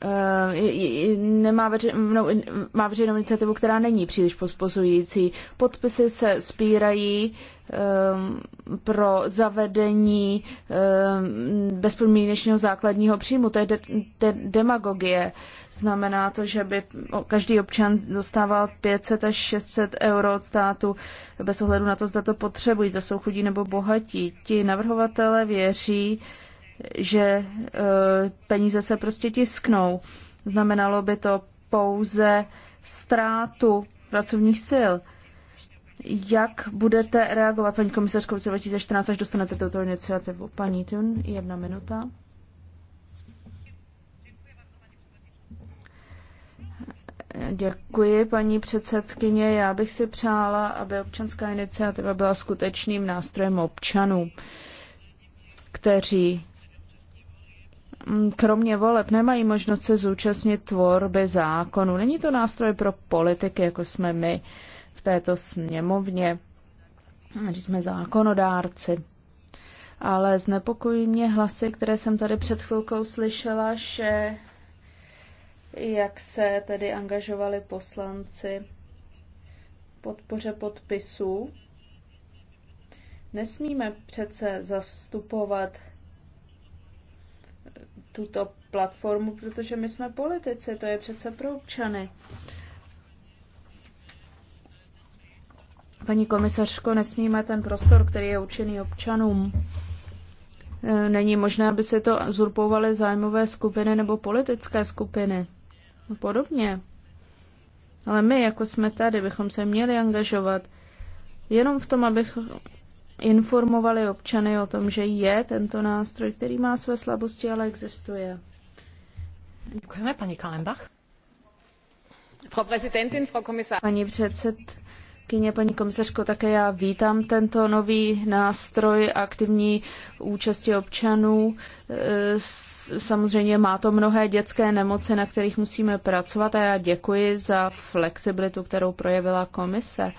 Eh, nemá veřejnou, má veřejnou iniciativu, která není příliš pospozující. Podpisy se spírají ehm, pro zavedení um, bezpodmínečného základního příjmu. To je de, de, demagogie. Znamená to, že by každý občan dostával 500 až 600 euro od státu bez ohledu na to, zda to potřebují, zda jsou chudí nebo bohatí. Ti navrhovatele věří, že e, peníze se prostě tisknou. Znamenalo by to pouze ztrátu pracovních sil. Jak budete reagovat, paní komisařko, v 2014, až dostanete tuto iniciativu? Paní Tun, jedna minuta. Děkuji, paní předsedkyně. Já bych si přála, aby občanská iniciativa byla skutečným nástrojem občanů, kteří Mm, kromě voleb nemají možnost se zúčastnit tvorby zákonu. Není to nástroj pro politiky, jako jsme my v této sněmovně, když jsme zákonodárci. Ale znepokojí mě hlasy, které jsem tady před chvilkou slyšela, že jak se tedy angažovali poslanci podpoře podpisů. Nesmíme přece zastupovat tuto platformu, protože my jsme politici, to je přece pro občany. Paní komisařko, nesmíme ten prostor, který je určený občanům. E, není možné, aby se to zurpovaly zájmové skupiny nebo politické skupiny. No, podobně. Ale my, jako jsme tady, bychom se měli angažovat jenom v tom, abychom informovali občany o tom, že je tento nástroj, který má své slabosti, ale existuje. Děkujeme, paní Kalembach. Paní předsedkyně, paní komisařko, také já vítám tento nový nástroj aktivní účasti občanů. E, samozřejmě má to mnohé dětské nemoci, na kterých musíme pracovat a já děkuji za flexibilitu, kterou projevila komise.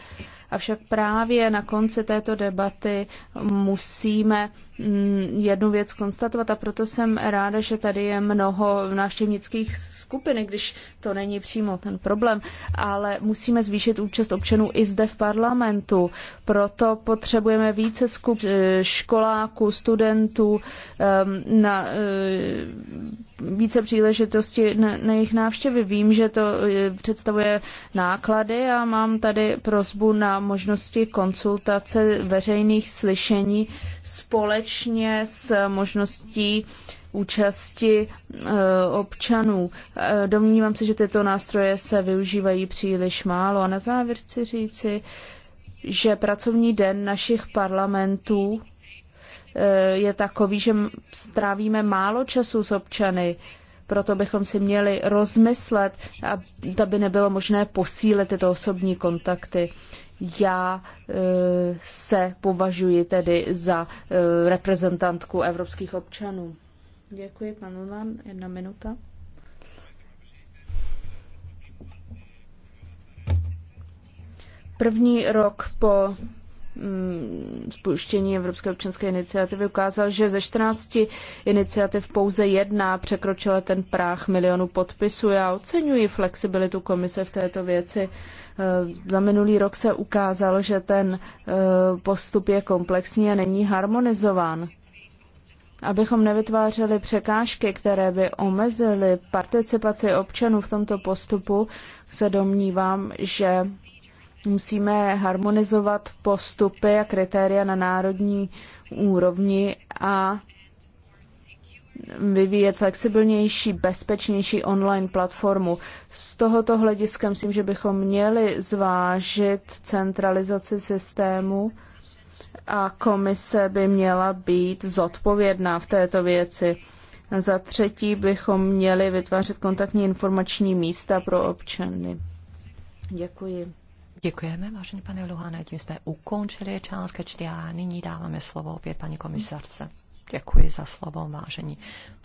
Avšak právě na konci této debaty musíme mm, jednu věc konstatovat a proto jsem ráda, že tady je mnoho návštěvnických skupiny, když to není přímo ten problém, ale musíme zvýšit účast občanů i zde v parlamentu. Proto potřebujeme více skup eh, školáků, studentů, ehm, na eh, více příležitosti na, na jejich návštěvy. Vím, že to eh, představuje náklady a mám tady prozbu na možnosti konsultace veřejných slyšení společně s možností účasti eh, občanů. Eh, domnívám se, že tyto nástroje se využívají příliš málo. A na závěr chci říci, že pracovní den našich parlamentů eh, je takový, že strávíme málo času s občany, proto bychom si měli rozmyslet, aby nebylo možné posílit tyto osobní kontakty. Já se považuji tedy za reprezentantku evropských občanů. Děkuji, pan Ulan. Jedna minuta. První rok po mm, spuštění Evropské občanské iniciativy ukázal, že ze 14 iniciativ pouze jedna překročila ten práh milionu podpisů. Já oceňuji flexibilitu komise v této věci. Eh, za minulý rok se ukázalo, že ten eh, postup je komplexní a není harmonizován abychom nevytvářeli překážky, které by omezily participaci občanů v tomto postupu, se domnívám, že musíme harmonizovat postupy a kritéria na národní úrovni a vyvíjet flexibilnější, bezpečnější online platformu. Z tohoto hlediska myslím, že bychom měli zvážit centralizaci systému a komise by měla být zodpovědná v této věci. Za třetí bychom měli vytvářet kontaktní informační místa pro občany. Děkuji. Děkujeme, vážený pane Luhane, tím jsme ukončili část kečty a nyní dáváme slovo opět paní komisarce. Děkuji za slovo, vážení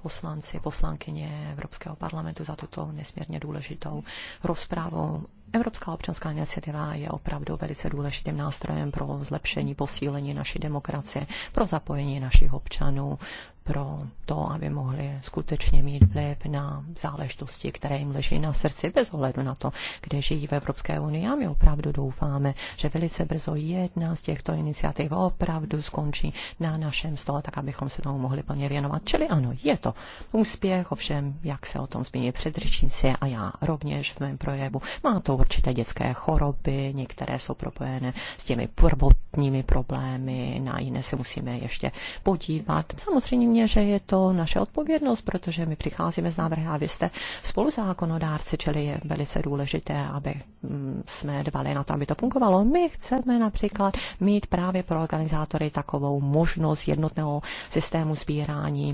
poslanci, poslankyně Evropského parlamentu za tuto nesmírně důležitou rozprávu Evropská občanská iniciativa je opravdu velice důležitým nástrojem pro zlepšení, posílení naší demokracie, pro zapojení našich občanů, pro to, aby mohli skutečně mít vliv na záležitosti, které jim leží na srdci, bez ohledu na to, kde žijí v Evropské unii. A my opravdu doufáme, že velice brzo jedna z těchto iniciativ opravdu skončí na našem stole, tak abychom se tomu mohli plně věnovat. Čili ano, je to úspěch, ovšem, jak se o tom zmíní předřečníci a já rovněž v mém projevu, má to určité dětské choroby, některé jsou propojené s těmi prvotními problémy, na jiné se musíme ještě podívat. Samozřejmě, že je to naše odpovědnost, protože my přicházíme z návrhy a vy jste spoluzákonodárci, čili je velice důležité, aby mm, jsme dbali na to, aby to fungovalo. My chceme například mít právě pro organizátory takovou možnost jednotného systému sbírání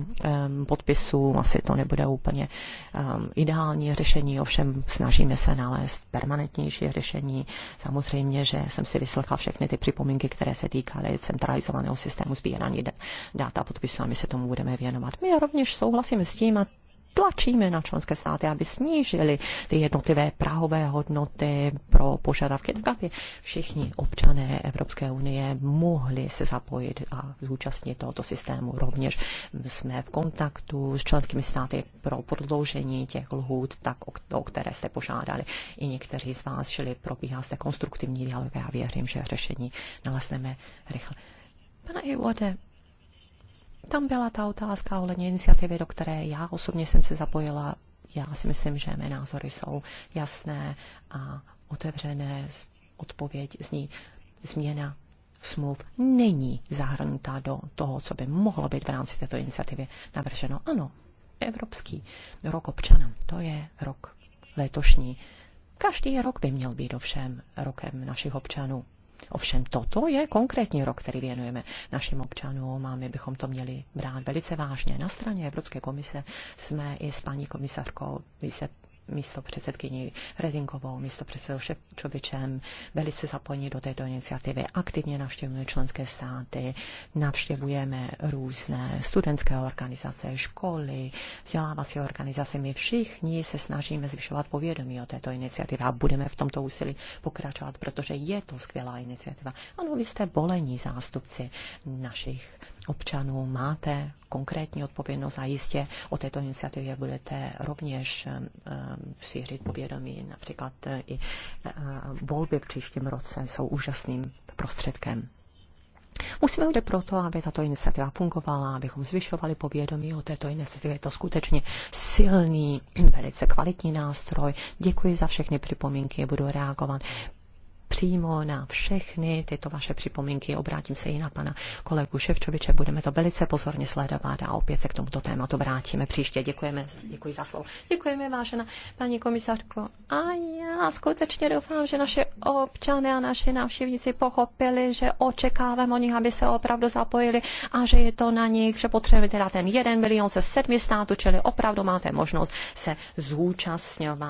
um, podpisů. Asi to nebude úplně um, ideální řešení, ovšem snažíme se nalézt permanentní permanentnější řešení. Samozřejmě, že jsem si vyslechla všechny ty připomínky, které se týkaly centralizovaného systému sbírání data podpisu a my se tomu budeme věnovat. My rovněž souhlasíme s tím, a tlačíme na členské státy, aby snížili ty jednotlivé prahové hodnoty pro požadavky, tak aby všichni občané Evropské unie mohli se zapojit a zúčastnit tohoto systému. Rovněž jsme v kontaktu s členskými státy pro prodloužení těch lhůt, tak o, o které jste požádali i někteří z vás, šli probíhá zde konstruktivní dialog a já věřím, že řešení nalezneme rychle. Pane Iwode, tam byla ta otázka ohledně iniciativy, do které já osobně jsem se zapojila. Já si myslím, že mé názory jsou jasné a otevřené. Odpověď zní změna smluv není zahrnutá do toho, co by mohlo být v rámci této iniciativy navrženo. Ano, Evropský rok občana, to je rok letošní. Každý rok by měl být ovšem rokem našich občanů. Ovšem toto je konkrétní rok, který věnujeme našim občanům a my bychom to měli brát velice vážně. Na straně Evropské komise jsme i s paní komisařkou místo předsedkyní Redinkovou, místo předsedou Šepčovičem, velice zapojení do této iniciativy, aktivně navštěvujeme členské státy, navštěvujeme různé studentské organizace, školy, vzdělávací organizace. My všichni se snažíme zvyšovat povědomí o této iniciativě a budeme v tomto úsilí pokračovat, protože je to skvělá iniciativa. Ano, vy jste bolení zástupci našich občanů máte konkrétní odpovědnost a jistě o této iniciativě budete rovněž um, um, šířit povědomí. Například uh, i uh, volby v příštím roce jsou úžasným prostředkem. Musíme udělat proto, aby tato iniciativa fungovala, abychom zvyšovali povědomí o této iniciativě. Je to skutečně silný, velice kvalitní nástroj. Děkuji za všechny připomínky, budu reagovat přímo na všechny tyto vaše připomínky. Obrátím se i na pana kolegu Ševčoviče, budeme to velice pozorně sledovat a opět se k tomuto tématu vrátíme příště. Děkujeme, děkuji za slovo. Děkujeme, vážená paní komisařko. A já skutečně doufám, že naše občany a naše návštěvníci pochopili, že očekávám o nich, aby se opravdu zapojili a že je to na nich, že potřebujeme teda ten jeden milion ze sedmi států, čili opravdu máte možnost se zúčastňovat